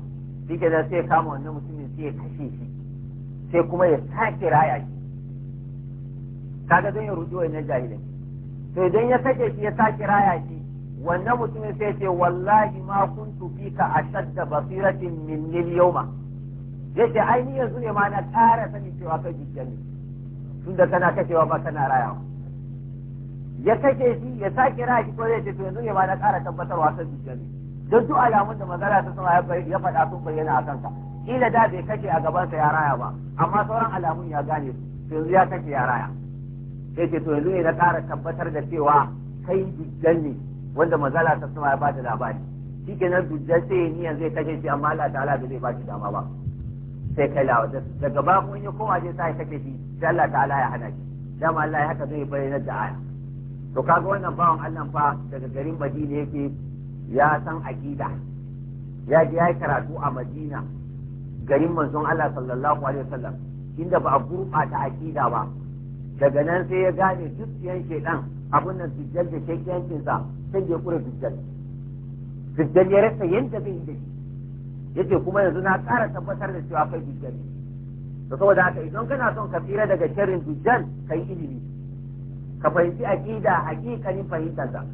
shi ke sai kama wannan mutumin sai ya kashe shi sai kuma ya sake raya shi kaga zan yi rujo na jahilai to idan ya sake shi ya sake raya shi wannan mutumin sai ce wallahi ma kuntu fika ashadda basiratin min min yawma yace ai ni yanzu ne ma na ƙara sanin cewa kai gijjani tunda kana kashewa ba kana raya ya kashe shi ya sake raya shi ko zai ce to yanzu ne ma na ƙara tabbatarwa kai ne don duk alamun da magana ta sama ya faɗa sun bayyana a kanka kila da bai kashe a gabansa ya raya ba amma sauran alamun ya gane su yanzu ya kashe ya raya sai ce to yanzu ne na ƙara tabbatar da cewa kai dujjal ne wanda mazala ta sama ya bada labari shi ke nan dujjal sai ya niyan zai kashe shi amma Allah ta'ala bai zai bashi dama ba sai kai lawa daga ba kun ya koma zai sa ya kashe shi sai Allah ta'ala ya hana shi dama Allah ya haka zai bayyana na da'a to kaga wannan bawan Allah fa daga garin Madina yake ya san aqida ya ji ya karatu a Madina garin manzon Allah sallallahu alaihi wasallam inda ba a gurɓata aqida ba daga nan sai ya gane zuciyan shaidan abun nan sujjal da yankin sa sai ya kura sujjal sujjal ya rasa yadda zai yi da shi yace kuma yanzu na ƙara tabbatar da cewa akwai sujjal to saboda haka idan kana son ka tsira daga sharrin dujjal kai ilimi ka fahimci aqida haƙiƙanin fahimtar sa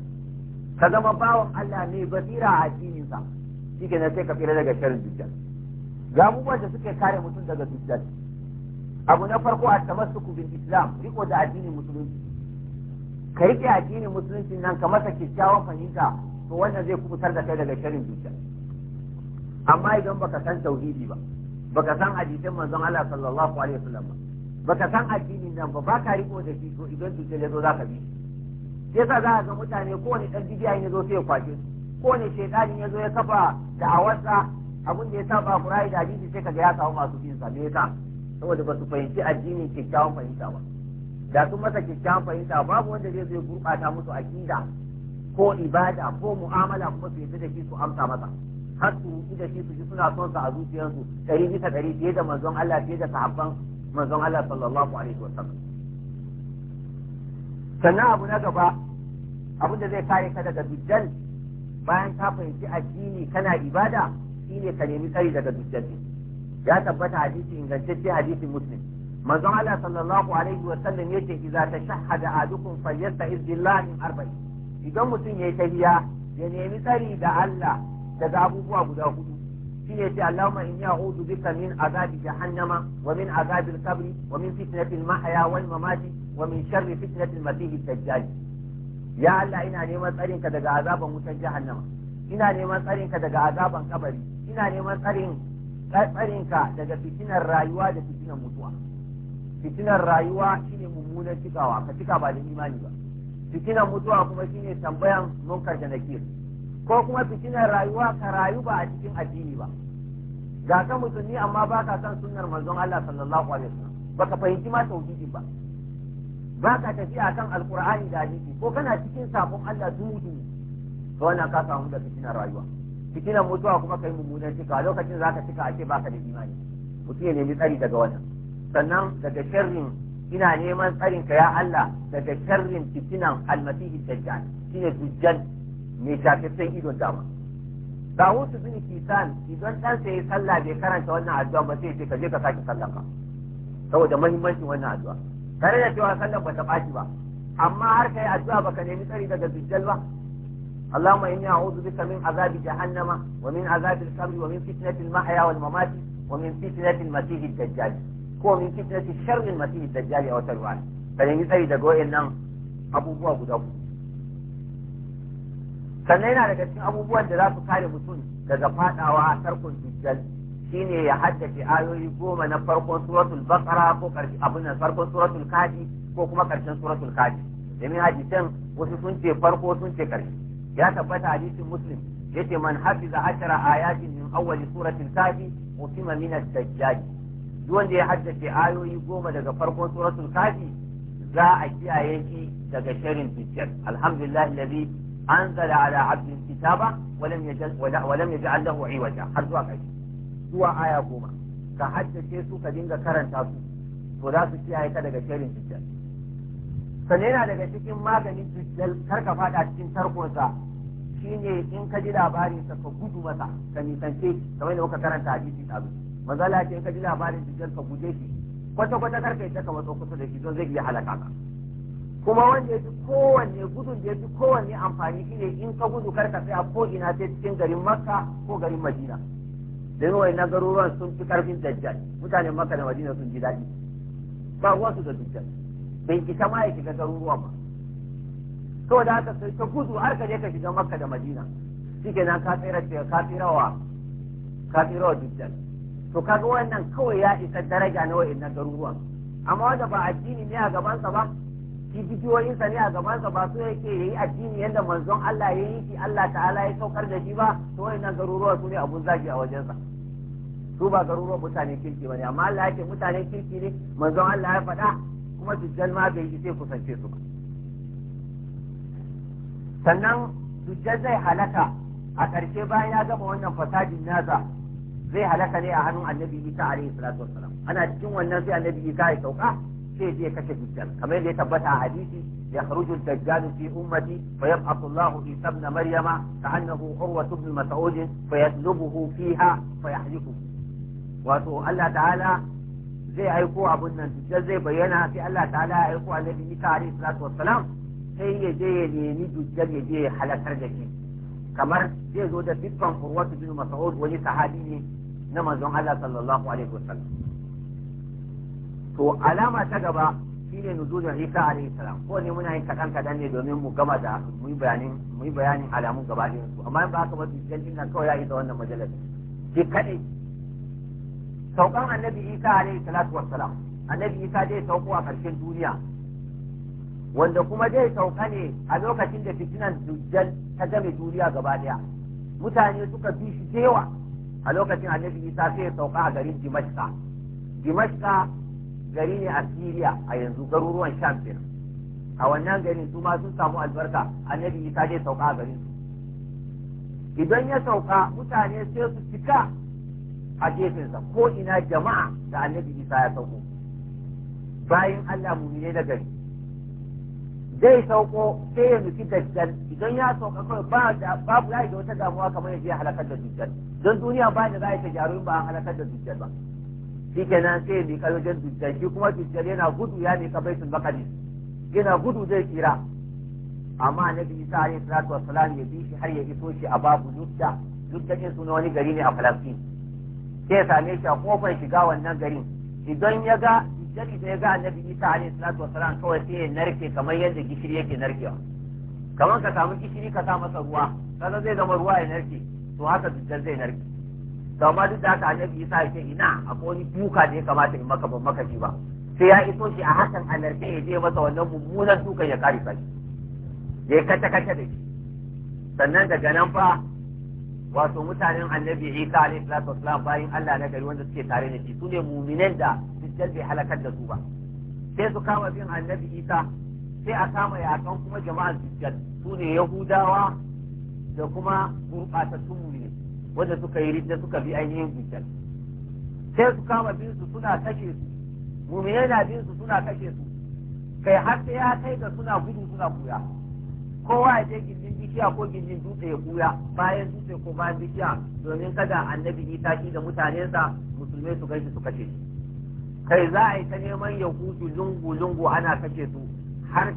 ka zama bawan Allah ne basira a addinin sa shikenan sai ka tsira daga sharrin sujjal ga abubuwan da suke kare mutum daga sujjal abu na farko a tamassuku bil islam riko da addinin musulunci ka rike addinin musulunci nan ka masa kyakkyawan fahimta to wannan zai kubutar da kai daga shirin zuciya amma idan baka san tauhidi ba baka san hadisin manzon Allah sallallahu alaihi wasallam ba baka san addinin nan ba baka riko da shi to idan zuciya ya zo zaka bi sai sa za ga mutane kowane dan bidiya ya zo sai ya kwace su kowane shaytani ya zo ya kafa da'awarsa abin da ya saba Qur'ani da hadisi sai kaga ya samu masu bin sa me yasa saboda ba su fahimci addinin kyakkyawan fahimta ba da sun masa kyakkyawan fahimta babu wanda zai zo gurɓata musu akida ko ibada ko mu'amala kuma su yadda da shi su amsa masa har su da shi su ji suna son sa a zuciyarsu ɗari bisa ɗari fiye da manzon Allah fiye da sahabban manzon Allah sallallahu alaihi wa sallam sannan abu na gaba abin da zai kare ka daga dujjal bayan ka fahimci addini kana ibada shine ka nemi tsari daga dujjal ya tabbata hadisi ingantacce hadisi muslim manzon Allah sallallahu alaihi wa sallam yace idza tashahhada ahadukum falyasta'iz billahi min arba'in idan mutum yayi tahiyya ya nemi tsari da Allah daga abubuwa guda hudu shi ne ce Allahumma inni a'udhu bika min azabi jahannama wa min azabi al-qabri wa min fitnati al-mahya wal mamati wa min sharri fitnati al-masih ad-dajjal ya Allah ina neman tsarin ka daga azaban wutar jahannama ina neman tsarin ka daga azaban kabari ina neman tsarin tsarinka daga fitinar rayuwa da fitinar mutuwa fitinar rayuwa shine mummunan cikawa ka cika ba da imani ba fitinar mutuwa kuma shine tambayan munkar da nakir ko kuma fitinar rayuwa ka rayu ba a cikin addini ba ga ka musulmi amma baka san sunnar manzon Allah sallallahu alaihi wasallam baka fahimci ma tauhidi ba baka tafiya kan alqur'ani da hadisi ko kana cikin sabon Allah dudu to wannan ka samu da fitinar rayuwa fitinan mutuwa kuma kai mummunan cika lokacin zaka cika ake baka da imani mutum ya nemi tsari daga wannan sannan daga sharrin ina neman tsarin ka ya Allah daga sharrin fitinan almasihi dajjal shine dujjal mai shafiffen idon dama ga wasu bin kisan idan dan sai sallah bai karanta wannan addu'a ba sai ce ka je ka saki sallah ka saboda muhimmancin wannan addu'a tare da cewa sallah ba ta baci ba amma har kai addu'a baka nemi tsari daga dujjal ba اللهم إني أعوذ بك من عذاب جهنم ومن عذاب القبر ومن فتنة المحيا والممات ومن فتنة المسيح الدجال ko min fitnati sharrin masihi dajjali a wata ruwa ka nemi tsayi daga wayannan abubuwa guda uku sannan yana daga cikin abubuwan da za su kare mutum daga fadawa a tarkon dajjal shine ya haddace ayoyi goma na farkon suratul bakara ko karshe abin nan farkon suratul kadi ko kuma karshen suratul kadi domin hadisan wasu sun ce farko sun ce karshe ya tabbata hadisin muslim yace man hafiza ashara ayatin min awwal suratil kafi utima min ad-dajjal duk wanda ya haddace ayoyi goma daga farkon suratul kafi za a kiyaye shi daga sharin dajjal alhamdulillah alladhi anzala ala abdin kitaba wa lam yajal wa lam yaj'al lahu iwaja har zuwa kai zuwa aya goma ka haddace su ka dinga karanta su to za su kiyaye ka daga sharin dajjal sannan yana daga cikin maganin dujjal karka fada cikin tarkonsa shine in ka ji labarin sa ka gudu masa ka nisance shi kamar da muka karanta hadisi ta zo mazala ce in ka ji labarin dujjal ka guje shi kwata kwata kar ka yi ka matso kusa da shi don zai iya halaka ka kuma wanda ya fi kowanne gudun da ya fi kowanne amfani shine in ka gudu kar ka tsaya ko ina sai cikin garin makka ko garin madina don wai na garuruwan sun fi karfin dajjal mutanen makka da madina sun ji daɗi ba wasu da dajjal bai isa ma ya shiga garuruwa ba to da haka sai ka gudu har ka je ka shiga makka da madina shike na ka tsira ka tsirawa ka tsirawa dukkan to kaga wannan kawai ya isa daraja na wa'annan garuruwa amma wanda ba addini ne a gabansa ba shi sa ne a gabansa ba so yake ya yi addini yadda manzon Allah ya yi shi Allah ta'ala ya saukar da shi ba to wa'annan garuruwa su ne abun zaki a wajensa su ba garuruwan mutane kirki ba ne amma Allah ya ke mutane kirki ne manzon Allah ya faɗa kuma dujjal ma bai yi zai kusance su ba sannan dujjal zai halaka a ƙarshe bayan ya gama wannan fasadin nasa zai halaka ne a hannun annabi isa alaihi salatu wassalam ana cikin wannan sai annabi isa ya sauka sai zai kashe dujjal kamar yadda ya tabbata a hadisi يخرج الدجال في أمتي فيبعث الله عيسى ابن مريم كأنه عروة بن مسعود فيسلبه فيها فيحلفه وتو allah ta'ala. zai aiko abun nan duk zai bayyana sai Allah ta'ala ya aiko annabi Isa alayhi salatu wassalam sai ya je ya nemi dujjal ya je halakar da shi kamar zai zo da siffan furwatu bin mas'ud wani sahabi ne na manzon Allah sallallahu alaihi wasallam to alama ta gaba shine nuzul Isa alayhi salam ko ne muna yin kadan kadan ne domin mu gama da mu yi bayanin mu yi bayanin alamun gaba ɗayan su amma in ba ka ba dujjal din nan kawai ya isa wannan majalisa ki kadai saukan annabi isa alaihi salatu wassalam annabi isa zai sauko a ƙarshen duniya wanda kuma zai sauka ne a lokacin da fitinan dujjal ta game duniya gaba daya mutane suka bi shi cewa a lokacin annabi isa sai ya sauka a garin dimashka dimashka gari ne a siriya a yanzu garuruwan shamfir a wannan garin su ma sun samu albarka annabi isa zai sauka a garin su idan ya sauka mutane sai su cika a gefensa ko ina jama'a da annabi isa ya sauko bayan allah mu ne na gari zai sauko sai ya nufi dajjal idan ya sauka kawai babu ya da wata damuwa kamar ya je halakar da dajjal don duniya ba da za a yi ta gyaru ba an halakar da dajjal ba shikenan sai ya miƙa wajen dajjal shi kuma dajjal yana gudu ya miƙa sun maqdis yana gudu zai tsira amma annabi Isa alayhi salatu wassalam ya bi shi har ya iso shi a babu dukka dukka din suna wani gari ne a Falastin sai ya same shi a kofar shiga wannan garin idan ya ga jari da ya ga annabi isa alaihi salatu wasalam kawai sai ya narke kamar yadda gishiri yake narkewa kamar ka samu gishiri ka sa masa ruwa sannan zai zama ruwa ya narke to haka dukkan zai narke to duk da haka annabi isa ya ce ina akwai wani duka da ya kamata in maka ban maka shi ba sai ya iso shi a hakan a narke ya je masa wannan mummunan dukan ya karisa shi ya yi kace kace da shi sannan daga nan fa wato mutanen annabi isa alayhi salatu wasalam bayin Allah na gari wanda suke tare da shi su ne muminan da dukkan bai halakar da su ba sai su kama bin annabi isa sai a kama yakan kuma jama'ar dukkan su ne yahudawa da kuma gurɓatattun mumine wanda suka yi ridda suka bi ainihin dukkan sai su kama bin su suna kashe su mumine na bin su suna kashe su kai har sai ya kai ga suna gudu suna kuya kowa ya je bishiya ko gindin dutse ya kuya bayan dutse ko bayan bishiya domin kada annabi isa shi da mutanensa musulmai su gaishe su kashe shi kai za a yi ta neman yahudu lungu lungu ana kashe su har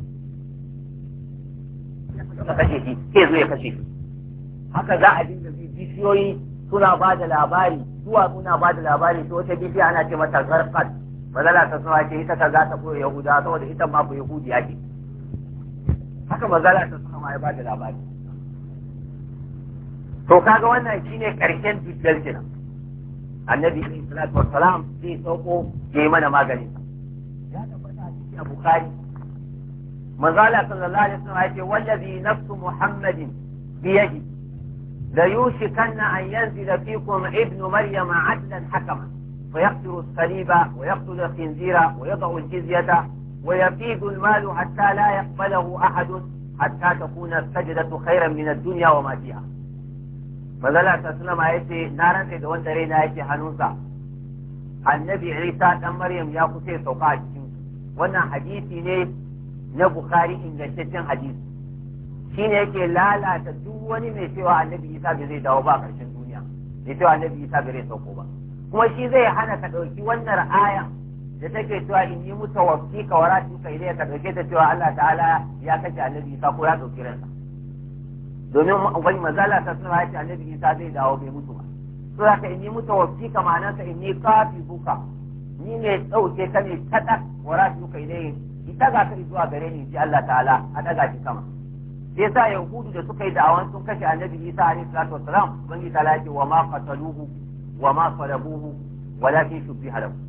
suka kashe shi ke zo ya kashe shi haka za a dinga bi bishiyoyi suna ba da labari zuwa suna ba da labari to wata bishiya ana ce mata zarfat ba za ta suna ce ita ta za ta koya yahuda saboda ita ma ku yahudiya ce haka manzala ta sama ya ba da labari to kaga wannan shine karshen dujjal kenan annabi alaihi salatu wassalam zai sauko ya yi mana magani ya tabbata a cikin bukhari manzala sallallahu alaihi wasallam ya ce wallazi nafsu muhammadin biyadi la yushikanna an yanzila fikum ibnu maryama adlan hakama فيقتل الصليب ويقتل الخنزير ويضع الجزية ويفيض المال حتى لا يقبله أحد حتى تكون السجدة خيرا من الدنيا وما فيها فذلا تسلم آيتي نارا كده وانت رينا آيتي حنوسا النبي عيسى دان مريم يا كوتي سوقا wannan hadisi ne na Bukhari ingantaccen hadisi shine yake lalata duk wani mai cewa annabi Isa bai zai dawo ba a ƙarshen duniya mai cewa annabi Isa bai zai sauko ba kuma shi zai hana ka ɗauki wannan aya da take cewa in yi muta wafi ka wara tuka ilai ka dauke ta cewa Allah ta'ala ya kashe annabi Isa ko ya dauki ransa domin wani mazala ta suna ya annabi Isa zai dawo bai mutu ba to haka in yi muta wafi ka ka in yi kafi buka ni ne dauke ka ne kada wara tuka ilai ita ga yi zuwa gare ni ji Allah ta'ala a daga shi kama sai yasa yahudu da suka yi da'awan sun kashe annabi Isa alaihi salatu wassalam bangi ta lafi wa ma qataluhu wa ma salabuhu walakin shubbiha halabu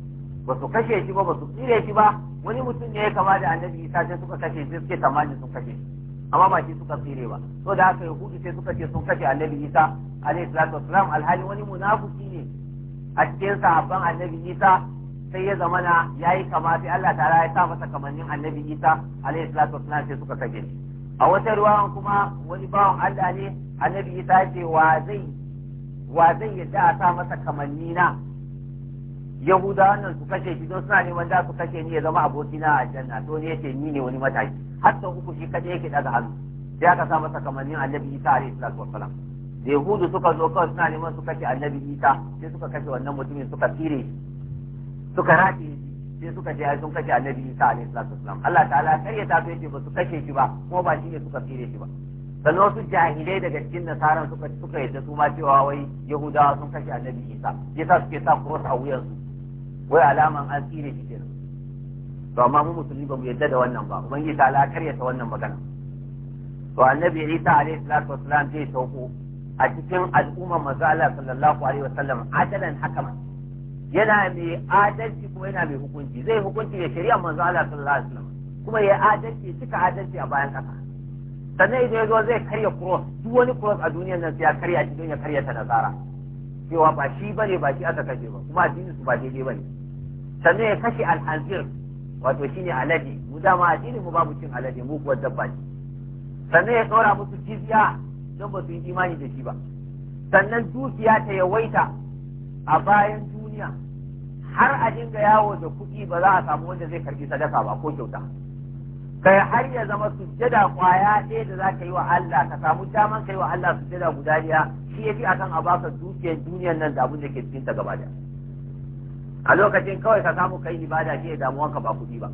ba su kashe shi ba ba su tsire shi ba wani mutum ne ya kama da annabi isa sai suka kashe shi suke tamani sun kashe shi amma ba shi suka tsire ba so da haka yahudu sai suka ce sun kashe annabi isa alayhi salatu wassalam alhali wani munafiki ne a cikin sahabban annabi isa sai ya zamana yi kama sai Allah ta ya sa masa kamannin annabi isa alayhi salatu wassalam sai suka kashe shi a wata ruwan kuma wani bawan Allah ne annabi isa ce wa zai wa zai yadda a sa masa kamanni na yahudawan nan su kashe shi don suna neman za su kashe ni ya zama abokina a janna to ne yace ni ne wani mataki har uku shi kaje yake daga hannu sai aka sa masa kamannin annabi isa alaihi salatu wassalam da yahudu suka zo kawai suna neman su kashe annabi isa sai suka kashe wannan mutumin suka tsire suka rage sai suka ce sun kashe annabi isa alaihi salatu wassalam Allah ta'ala kar ya tafi yace ba su kashe shi ba kuma ba shine suka tsire shi ba sannan wasu jahilai daga cikin nasaran suka suka yadda su ma cewa wai yahudawa sun kashe annabi isa yasa suke sa cross a wuyansu wai alaman an tsire shi kenan to amma mu musulmi ba mu yadda da wannan ba ubangiji ta ala ta wannan magana to annabi isa alayhi salatu wassalam zai sauko a cikin al'umma manzo sallallahu alaihi wasallam adalan hakaman yana mai adalci kuma yana mai hukunci zai hukunci da shari'ar manzo Allah sallallahu alaihi wasallam kuma ya adalci cika adalci a bayan kasa sannan idan ya zo zai karya cross duk wani cross a duniyar nan sai ya karya shi don ya karya ta nasara cewa ba shi bane ba shi aka kashe ba kuma addinin su ba daidai bane sannan ya kashe al'azir wato shine alade mu dama addinin mu babu cin alade mu kuwa dabba ne sannan ya tsora musu jizya don ba su yi imani da shi ba sannan dukiya ta yawaita a bayan duniya har a dinga yawo da kuɗi ba za a samu wanda zai karbi sadaka ba ko kyauta kai har ya zama sujjada kwaya ɗaya da za ka yi wa Allah ka samu daman ka yi wa Allah sujjada guda ɗaya shi ya fi akan a baka dukiyar duniyar nan da abin da ke cikin ta gaba a lokacin kawai ka samu kai ibada ke damuwan ka ba kuɗi ba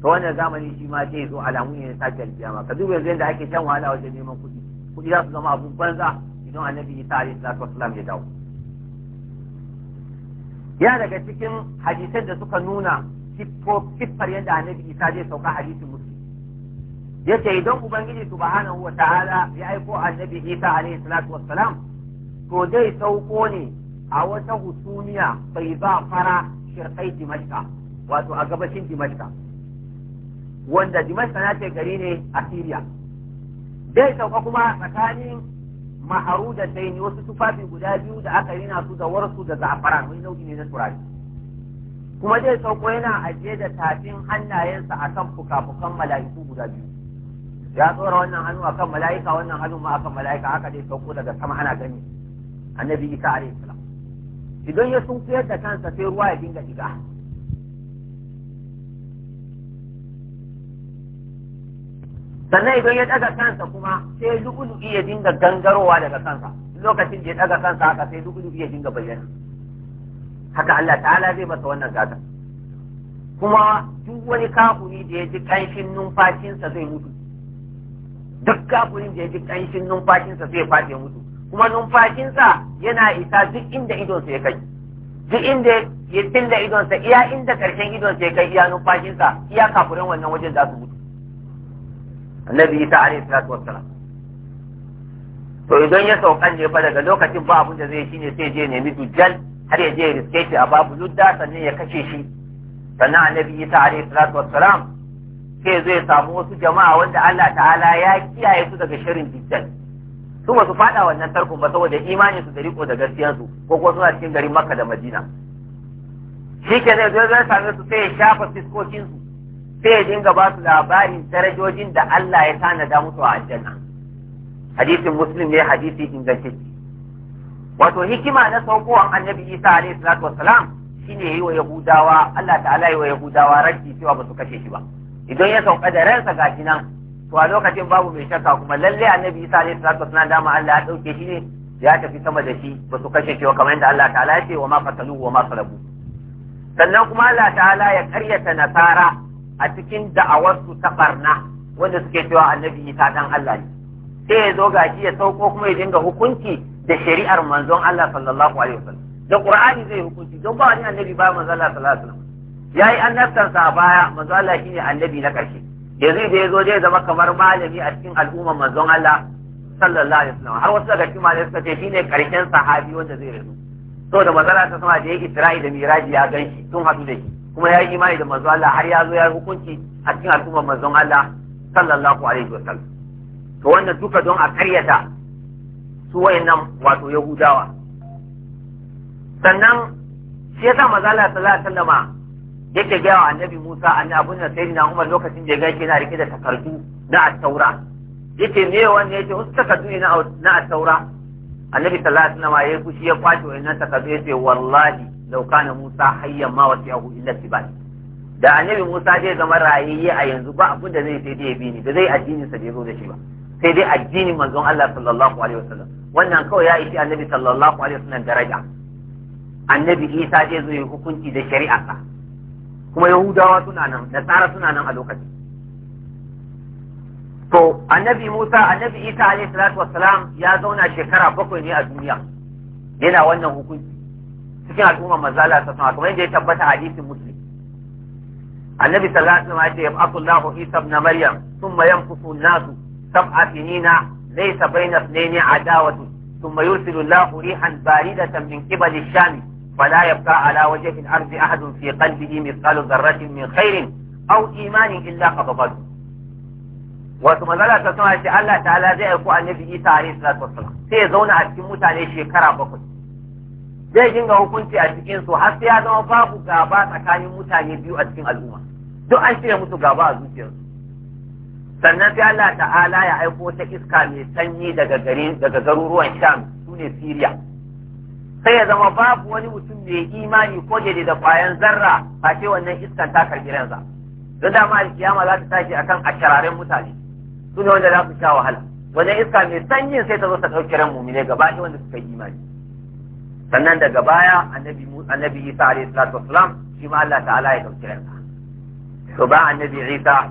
to wannan zamani shi ma ce zo alamu ne ta kiyama ka duba yanzu yadda ake shan wahala wajen neman kuɗi kuɗi za su zama abun banza idan annabi isa alaihi salatu wasallam ya dawo ya daga cikin hadisan da suka nuna siffar yadda annabi isa zai sauka hadisin musu yace idan ubangiji subhanahu wataala ya aiko annabi isa alaihi salatu wassalam to zai sauko ne a wata husumiya bai ba fara shirkai dimashka wato a gabashin dimashka wanda dimashka na ce gari ne a siriya dai sauka kuma tsakanin maharu da daini wasu tufafi guda biyu da aka rina su da warsu da za'afara wani nau'i ne na turare kuma zai sauko yana ajiye da tafin hannayensa a kan fuka-fukan mala'iku guda biyu ya tsora wannan hannu akan mala'ika wannan hannu ma akan mala'ika haka dai sauko daga sama ana gani annabi isa alaihi idan ya sunkuyar da kansa sai ruwa ya dinga diga sannan idan ya daga kansa kuma sai lu'ulu'i ya dinga gangarowa daga kansa lokacin da ya daga kansa haka sai lu'ulu'i ya dinga bayyana haka Allah ta'ala zai masa wannan gata kuma duk wani kafuri da ya ji kanshin numfashinsa zai mutu duk kafurin da ya ji kanshin numfashinsa zai faɗi ya mutu kuma numfashinsa yana isa duk inda idonsa ya kai duk inda ya tilla idonsa iya inda karshen idonsa ya kai iya numfashinsa iya kafurin wannan wajen za su mutu annabi isa alaihi salatu wassalam to idan ya saukan ne fa daga lokacin ba abin da zai ne sai je nemi dujjal har ya je ya riske shi a babu ludda sannan ya kashe shi sannan annabi isa alaihi salatu wassalam sai zai samu wasu jama'a wanda Allah ta'ala ya kiyaye su daga shirin dujjal su ba su fada wannan tarkon ba saboda imanin su da riko da su ko kuma suna cikin garin Makka da Madina shi ke zai zai same su sai ya shafa fiskokin su sai ya dinga ba su labarin darajojin da Allah ya tanada musu a aljanna hadisin muslim ne hadisi ingantacce wato hikima na saukowar annabi Isa alayhi salatu wassalam shine yi wa yahudawa Allah ta'ala yi wa yahudawa raddi cewa ba su kashe shi ba idan ya sauka da ransa gashi nan to a lokacin babu mai shakka kuma lalle annabi isa alaihi salatu wasallam dama Allah ya dauke shi ne ya tafi sama da shi ba su kashe shi kamar yadda Allah ta'ala ya ce wa ma qataluhu wa ma salabu sannan kuma Allah ta'ala ya karyata nasara a cikin da'awarsu ta barna wanda suke cewa annabi isa dan Allah ne sai ya zo gashi ya sauko kuma ya dinga hukunci da shari'ar manzon Allah sallallahu alaihi wasallam da qur'ani zai hukunci don ba wani annabi ba manzon Allah sallallahu alaihi wasallam yayi annabtan a baya manzon Allah shine annabi na karshe Da ya zo zai zama kamar malami a cikin al'umma manzon Allah sallallahu alaihi wasallam har wasu daga cikin malamai suka ce shine karshen sahabi wanda zai rasu to da manzon ta sama da yake Isra'i da Miraji ya ganshi tun haɗu da shi kuma ya yi imani da manzon Allah har ya zo ya hukunci a cikin al'umma manzon Allah sallallahu alaihi wasallam to wannan duka don a karyata su wayannan wato Yahudawa sannan shi yasa manzon Allah sallallahu alaihi wasallam yake gaya annabi Musa an abun da sai na Umar lokacin da ya yana rike da takardu na at-taura yake ne wanne yake wasu takardu ne na at-taura annabi sallallahu alaihi wasallam ya kushi ya kwace wannan takardu yace wallahi law kana Musa hayyan ma wasiyahu illa tibal da annabi Musa zai zama rayayye a yanzu ba abun da zai sai dai ya bi ni da zai addinin sa da zo da shi ba sai dai addinin manzon Allah sallallahu alaihi wasallam wannan kawai ya ishi annabi sallallahu alaihi wasallam daraja annabi Isa zai zo ya hukunci da shari'a kuma yahudawa suna nan da tsara suna nan a lokacin to annabi musa annabi isa alaihi salatu wassalam ya zauna shekara bakwai ne a duniya yana wannan hukunci cikin al'ummar mazala ta sama kamar yadda ya tabbata hadisin muslim annabi sallallahu alaihi wasallam ya ce yab'athullahu isa ibn maryam thumma yanfusu an-nasu sab'a sinina laysa bayna ithnaini adawatu thumma yursilu allahu rihan baridatan min qibali ash shami. ولا يبقى على وجه الأرض أحد في قلبه مثقال ذرة من خير أو إيمان إلا قبضته وثم ذلك تسمع الله تعالى زي أكو النبي إيسى عليه الصلاة والسلام sai zauna a cikin mutane shekara bakwai zai dinga hukunci a cikin su har sai ya zama babu gaba tsakanin mutane biyu a cikin al'umma duk an shirya musu gaba a zuciyarsu sannan sai Allah ta'ala ya aiko ta iska mai sanyi daga garin daga garuruwan Sham sune ne Syria sai ya zama babu wani mutum mai imani ko da da kwayan zarra ba ce wannan iskan ta karbi ransa da dama alkiyama za ta tashi akan ashararen mutane su ne wanda za su sha wahala wannan iska mai sanyin sai ta zo ta ɗauki ran mumine gaba ɗaya wanda suka yi imani sannan daga baya annabi annabi Isa alayhi salatu wassalam shi ma Allah ta'ala ya ɗauki ransa to ba annabi Isa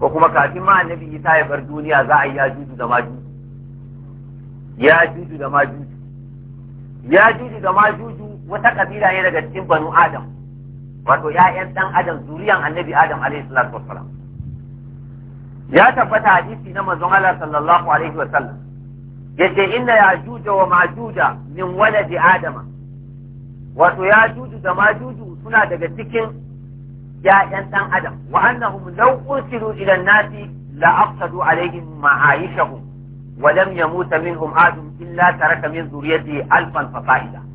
ko kuma kafin ma annabi Isa ya bar duniya za a yi ya juju da majuju ya juju da majuju ya juju da ma juju wata kabila ne daga cikin banu adam wato ya'yan dan adam zuriyan annabi adam alaihi salatu wassalam ya tabbata hadisi na manzon Allah sallallahu alaihi wasallam yace inna yajuja wa majuja min waladi adama wato ya yajuju da majuju suna daga cikin ya'yan dan adam wa annahum law ursilu ila an-nasi la afsadu alaihim ma'aishahum ولم يموت منهم أحد إلا ترك من ذريته ألفا فقائدا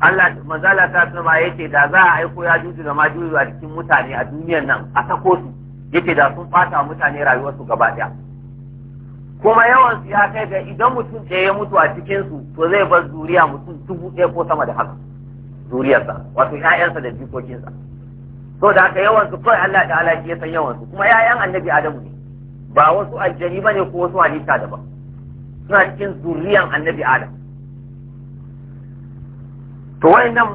Allah mazala ta ya ce da za a aiko ya juju da ma juju a cikin mutane a duniyan nan a sako su yake da sun fata mutane rayuwarsu gaba daya kuma yawan su ya kai ga idan mutum ɗaya ya mutu a cikin su to zai bar zuriya mutum dubu ɗaya ko sama da haka zuriyarsa wato ƴaƴansa da jikokinsa so da haka yawan su kawai Allah da Allah ya san yawan su kuma ƴaƴan annabi Adamu ne ba wasu aljani bane ko wasu halitta daban suna cikin zuriyan annabi adam to wayannan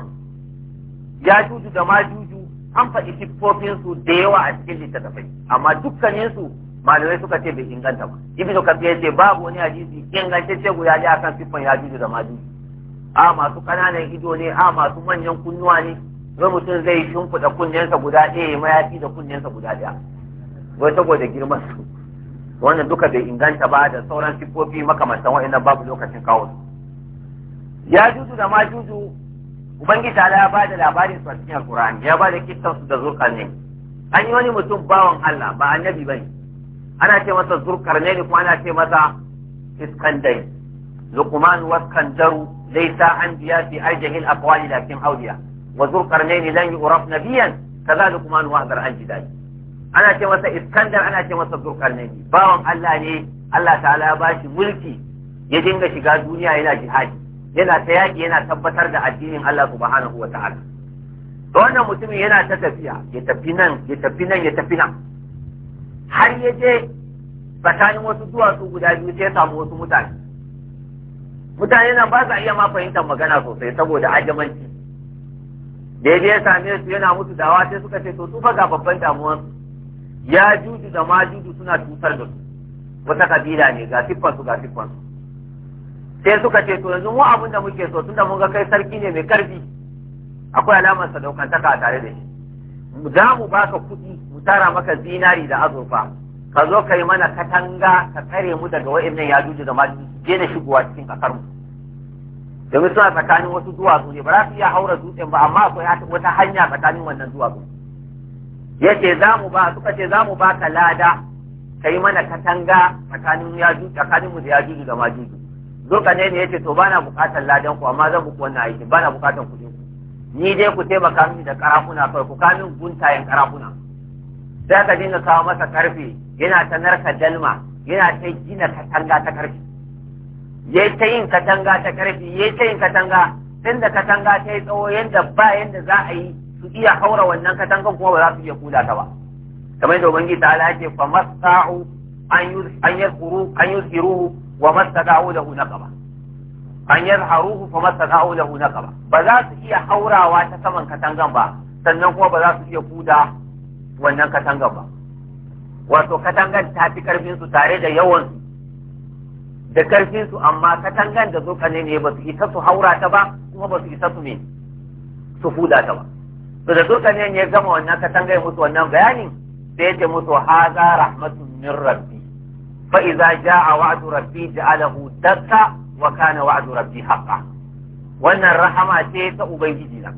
ya juju da ma juju an faɗi siffofinsu da yawa a cikin littattafai amma dukkaninsu malamai suka ce bai inganta ba Ibi da kafiya ce babu wani hadisi ingantacce guda ne akan siffan ya juju da ma juju a masu ƙananan ido ne a masu manyan kunnuwa ne wai mutum zai shimfiɗa kunnensa guda ɗaya mayafi da kunnensa guda ɗaya wai saboda girman su wannan duka bai inganta ba da sauran siffofi makamantan waɗannan babu lokacin kawo su ya juju da ma juju ubangiji Allah ya ba da labarin su a cikin alkur'ani ya ba da kitan su da zurkarne an yi wani mutum bawan Allah ba annabi bane ana ce masa zurkarne ne kuma ana ce masa iskandai luqman wa iskandaru laysa anbiya fi arjahil aqwali lakin awliya wa zurkarne lan yu'raf nabiyan kaza luqman wa hadar al ana ce masa iskandar ana ce masa zurkarnaini bawan Allah ne Allah ta'ala ya bashi mulki ya dinga shiga duniya yana jihadi yana ta yaƙi yana tabbatar da addinin Allah subhanahu wa ta'ala to wannan mutumin yana ta tafiya ya tafi nan ya tafi nan ya tafi nan har ya je tsakanin wasu duwatsu guda biyu sai ya samu wasu mutane mutane nan ba za iya ma fahimtar magana sosai saboda ajamanci da ya je ya same su yana musu dawa sai suka ce to su ga babban damuwansu ya juju da juju suna cutar da su wata kabila ne ga siffansu ga siffansu sai suka ce to yanzu mu abin da muke so da mun ga kai sarki ne mai karfi akwai alamar sadaukantaka tare da shi za mu baka kuɗi mu tara maka zinari da azurfa ka zo ka yi mana katanga ka tsare mu daga wa'annan ya juju da ma je shigowa cikin kasar mu domin suna tsakanin wasu duwatsu ne ba za su iya haura dutsen ba amma akwai wata hanya tsakanin wannan duwatsu yace za mu ba suka ce za mu ba ka lada kai mana katanga tsakanin ya ju tsakanin mu da ya juju da ma juju zo ka ne yace to bana bukatar ladan ku amma zan muku wannan aiki bana bukatar ku ni dai ku taimaka mini da karafuna kai ku kamin guntayen karafuna sai ka dinga kawo masa karfe yana ta narka dalma yana ta gina katanga ta karfe Ya ta yin katanga ta karfe ya ta yin katanga tunda katanga ta yi tsawo yadda ba yadda za a yi iya haura wannan katangan kuma ba za su iya kula ta ba kamar yadda ubangi ta ala yake fa masta'u an yadhkuru an yadhkuru wa hu lahu naqaba an yadharuhu fa hu lahu naqaba ba za su iya haurawa ta saman katangan ba sannan kuma ba za su iya kuda wannan katangan ba wato katangan ta fi karfin su tare da yawan da karfin su amma katangan da zo ne ba su isa su haura ta ba kuma ba su isa su me su fuda ta ba to da ne ya gama wannan katanga ya musu wannan bayani sai ya ce musu haza rahmatun min rabbi fa idza jaa wa'du rabbi ja'alahu dakka wa kana wa'du rabbi haqqan wannan rahama ce ta ubangiji na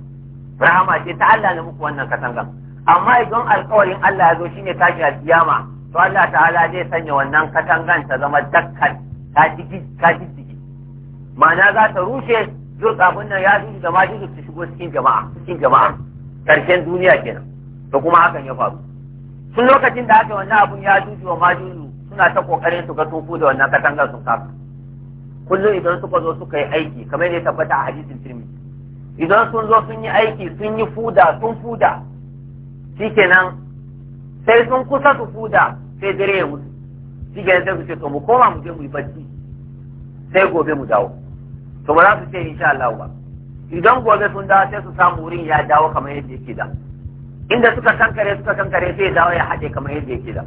rahama ce ta Allah ne muku wannan katangan amma idan alƙawarin Allah ya zo shine tashi alƙiyama to Allah ta'ala zai sanya wannan katangan ta zama dakkan ta jiki ta jiki ma'ana za ta rushe zurkafin nan ya zuci da ma su shigo cikin jama'a cikin jama'a karshen duniya kenan da kuma hakan ya faru Sun lokacin da aka wannan abun ya juju wa majuju suna ta kokarin su ga tofu da wannan katangar sun kafa kullum idan suka zo suka yi aiki kamar yadda tabbata a hadisin tirmidhi idan sun zo sun yi aiki sun yi fuda sun fuda shikenan sai sun kusa su fuda sai dare ya mutu shikenan sai su ce to mu koma mu je mu yi bacci sai gobe mu dawo to ba za su ce insha Allah ba idan gobe sun dawo sai su samu wurin ya dawo kamar yadda yake da inda suka kankare suka kankare sai ya dawo ya haɗe kamar yadda yake da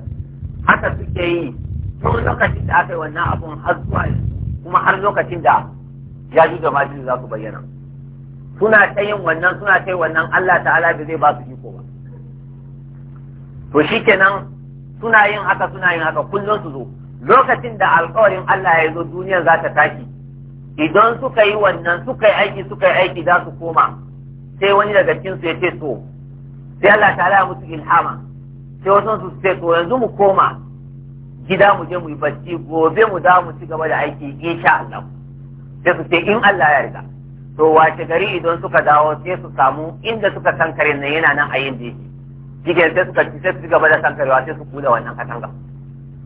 haka suke yi tun lokacin da aka yi wannan abun har zuwa kuma har lokacin da ya da majin za su bayyana suna ta yin wannan suna ta yi wannan Allah ta'ala da zai ba su iko ba to shikenan suna yin haka suna yin haka kullum su zo lokacin da alƙawarin Allah ya zo duniyar za ta tashi idan suka yi wannan suka yi aiki suka yi aiki za su koma sai wani daga cikin su ya ce so sai Allah ta ya musu ilhama sai wasu su ce to yanzu mu koma gida mu je mu yi bacci gobe mu za mu ci gaba da aiki insha Allah sai su ce in Allah ya riga to wace gari idan suka dawo sai su samu inda suka sankare nan yana nan a yin jeji jigen sai suka ci sai su gaba da sankarewa sai su kula wannan katanga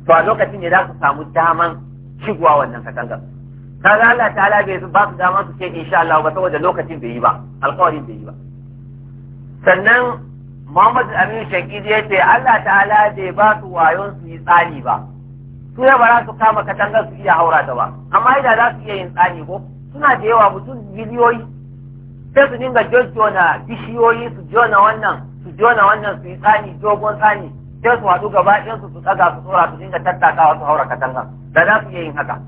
to a lokacin ne za su samu daman shigowa wannan katanga kaga Allah ta'ala bai ba su dama su ce insha Allah ba saboda lokacin bai yi ba alƙawarin bai yi ba sannan Muhammad Aminu Shakidi ya ce Allah ta'ala bai ba su wayon su yi tsani ba su ya bara su kama katangar su iya haura da ba amma idan za su iya yin tsani ko suna da yawa mutum miliyoyi sai su dinga jona bishiyoyi su jona wannan su jona wannan su yi tsani dogon tsani sai su haɗu gaba ɗayansu su tsaga su tsora su dinga tattakawa su haura katangar da za su iya yin haka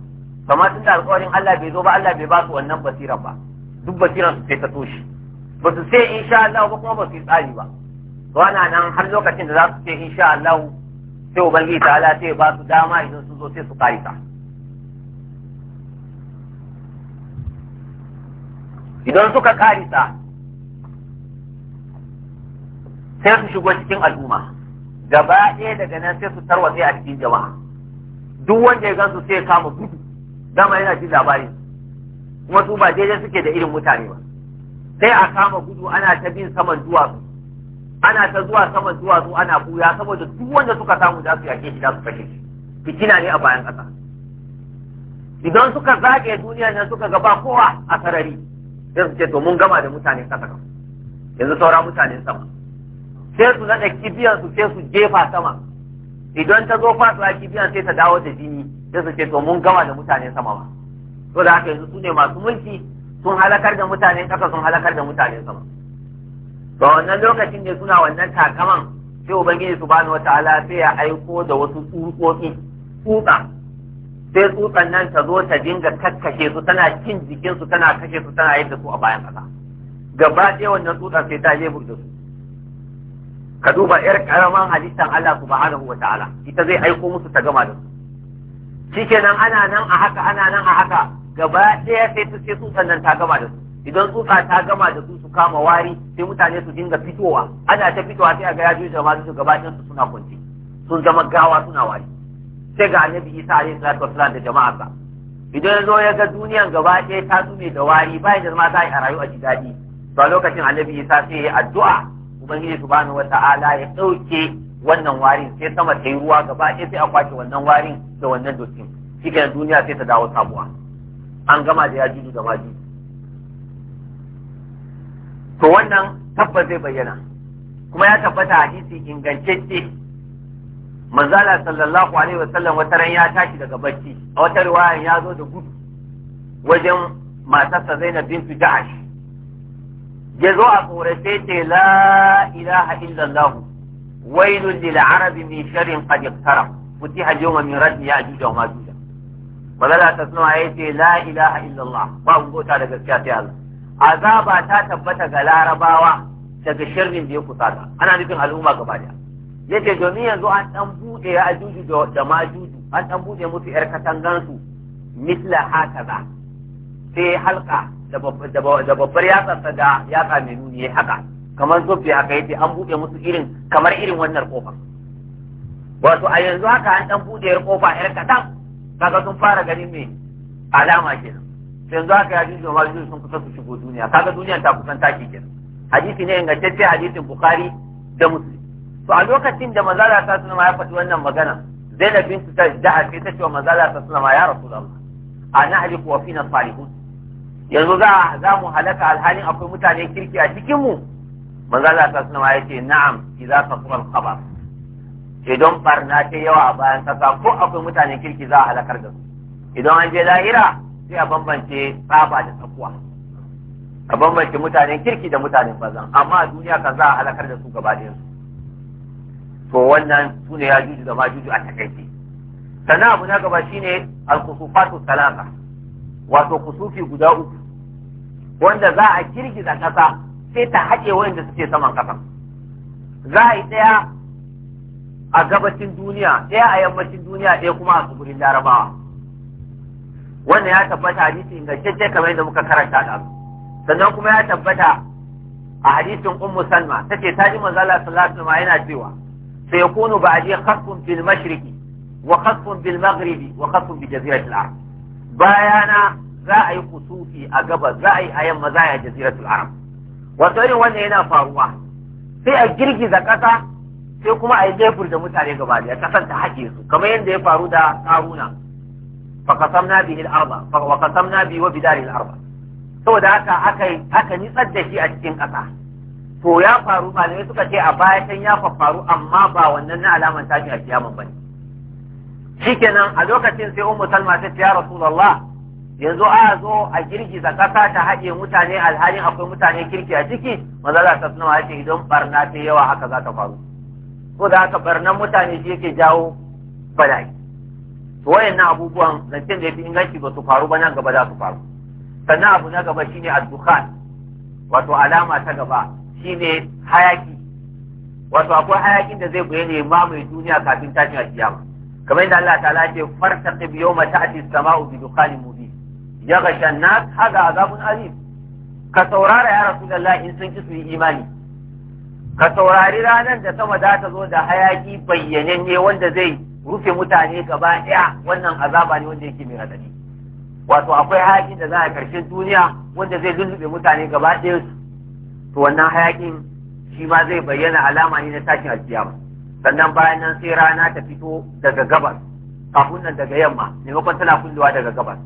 kamar tun da alƙawarin Allah bai zo ba Allah bai ba su wannan basira ba duk basiran su sai ta toshe ba su sai insha Allah ba kuma ba su yi tsari ba to ana nan har lokacin da za su ce insha Allah sai ubangiji ta Allah sai ba su dama idan su zo sai su kai ta idan suka kai ta sai su shigo cikin al'umma gaba ɗaya daga nan sai su tarwatse a cikin jama'a duk wanda ya gansu sai ya kama gudu dama yana jin labari kuma su ba daidai suke da irin mutane ba sai a kama gudu ana ta bin saman duwatsu ana ta zuwa saman duwatsu ana buya saboda duk wanda suka samu za su yake shi za su kashe shi fitina ne a bayan ƙasa idan suka zage duniya nan suka ga ba kowa a sarari sai su ce to mun gama da mutanen ƙasa kan yanzu saura mutanen sama sai su naɗa kibiyansu sai su jefa sama idan ta zo fasuwa kibiyan sai ta dawo da jini sai su ce to mun gama da mutane sama ba to da haka yanzu su ne masu mulki sun halakar da mutane ƙasa sun halakar da mutane sama to wannan lokacin ne suna wannan takaman sai ubangiji subhanahu wataala sai ya aiko da wasu tsutsotsi tsutsa sai tsutsan nan ta zo ta dinga kakkashe su tana cin jikin tana kashe su tana yadda su a bayan ƙasa gaba ɗaya wannan tsutsan sai ta jefur da su ka duba yar karaman halittar Allah subhanahu wa ta'ala ita zai aiko musu ta gama da su shikenan ana nan a haka ana nan a haka gaba ɗaya sai su sai tsutsan nan ta gama da su idan tsutsa ta gama da su su kama wari sai mutane su dinga fitowa ana ta fitowa sai a ga ya jama'a su gaba ɗayan su suna kwance sun zama gawa suna wari sai ga annabi Isa alaihi salatu wassalam da jama'a sa. idan ya zo ya ga duniyan gaba ɗaya ta tsume da wari bayan da zama za a yi a rayu a ji daɗi to a lokacin annabi Isa sai ya yi addu'a ubangiji subhanahu ala ya dauke wannan warin sai sama ta yi ruwa gaba ɗaya sai a kwace wannan warin da wannan dotin shikenan duniya sai ta dawo sabuwa an gama da yajuju da majuju to wannan tabbas zai bayyana kuma ya tabbata hadisi ingantacce manzala sallallahu alaihi wa sallam wata ran ya tashi daga bacci a wata riwaya ya zo da gudu wajen matarsa Zainab bintu Ja'ash ya zo a tsorace ce la ilaha illallah wailun lil arabi min sharrin qad iqtara futi hajjuma min raddi ya ajuja wa majuja bazala ta suna ya ce la ilaha illallah ba gota da gaskiya sai Allah azaba ta tabbata ga larabawa daga sharrin da ya kusata ana nufin al'umma gaba daya yace domin yanzu an dan bude ya ajuju da majuju an dan bude musu yar katangansu misla hakaza sai halka da babbar ta da yatsa mai nuni ya haka kamar fi haka yace an buɗe musu irin kamar irin wannan kofar wato a yanzu haka an dan buɗe kofa yar kaɗan kaga sun fara ganin me alama kenan yanzu haka ya jinjo ma sun kusa su shigo duniya kaga duniya ta kusan taki kenan hadisi ne ingantacce hadisin bukhari da muslim to a lokacin da manzala ta suna ya faɗi wannan magana zainab bintu ta da sai ta ce wa manzala ta suna ya rasulullah ana haliku wa fina salihun yanzu za za mu halaka alhalin akwai mutane kirki a cikin mu manzo Allah ta sunama yace na'am idza kasura al-khabar don barna ce yawa a bayan kasa ko akwai mutane kirki za a halakar da su idan an je lahira sai a bambance tsaba da tsakuwa a bambance mutanen kirki da mutanen bazan amma a duniya kan za a halakar da su gaba da yanzu. to wannan su ne ya juju da majuju a takaice sannan abu na gaba shine al-kusufatu salasa wato kusufi guda uku wanda za a girgiza ƙasa sai ta haƙe wanda suke saman ƙasa za a yi ɗaya a gabacin duniya ɗaya a yammacin duniya ɗaya kuma a tsibirin larabawa wannan ya tabbata hadisi ingantacce kamar yadda muka karanta da sannan kuma ya tabbata a hadisin ummu salma tace ta ji manzo Allah sallallahu alaihi yana cewa sayakunu ba'di khasfun fil mashriqi wa khasfun bil maghribi wa khasfun bi jaziratil arab bayana za a yi kusufi a gabas za a yi a yamma za a yi a jaziratul arab wato irin wannan yana faruwa sai a girgiza ƙasa sai kuma a yi jefur da mutane gaba da ƙasan ta haƙe su kamar yadda ya faru da karuna fa na bihi wa wa bidari al-arba saboda haka aka aka nitsar da shi a cikin ƙasa to ya faru malamai suka ce a baya can ya faru amma ba wannan na alaman tashi a ne bane shikenan a lokacin sai ummu salma ta ce ya rasulullah yanzu a zo a girgiza ƙasa ta haɗe mutane alhalin akwai mutane kirki a ciki maza za ta suna ce idan barna ta yawa haka za ta faru ko da haka barnan mutane shi yake jawo bala'i to wayannan abubuwan zancen da yafi inganci ba su faru ba nan gaba za su faru sannan abu na gaba shine addukhan wato alama ta gaba shine hayaki wato akwai hayakin da zai bayyana ya mamaye duniya kafin tashin alkiyama kamar yadda Allah ta'ala ce fartaqib yawma ta'ti as-sama'u bi dukhanin mubin ya gasha na haga azabun azim ka saurara ya rasulullah in sun ki su yi imani ka saurari ranar da sama za ta zo da hayaki bayyananne wanda zai rufe mutane gaba ɗaya wannan azaba ne wanda yake mai hadari wato akwai hayaki da za a karshen duniya wanda zai lullube mutane gaba daya to wannan hayakin shi ma zai bayyana alama ne na tashin alkiyama sannan bayan nan sai rana ta fito daga gabas kafin nan daga yamma maimakon tana kullewa daga gabas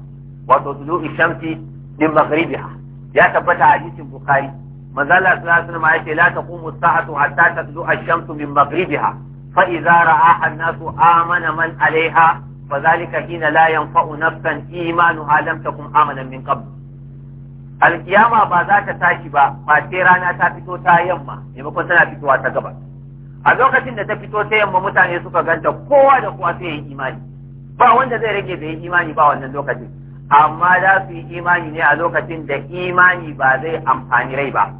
wato tulu'i shamsi min maghribiha ya tabbata a hadisin bukhari manzo Allah sallallahu alaihi wasallam yake la taqumu as-sa'atu hatta tatlu'a ash-shamsu min maghribiha fa idza ra'aha an-nasu amana man 'alayha fa hina la yanfa'u nafsan imanuha lam takun amana min qabl alkiyama ba za ta tashi ba ba sai rana ta fito ta yamma maimakon tana fitowa ta gaba. a lokacin da ta fito ta yamma mutane suka ganta kowa da kowa sai ya yi imani ba wanda zai rage da yi imani ba wannan lokacin amma za su yi imani ne a lokacin da imani ba zai amfani rai ba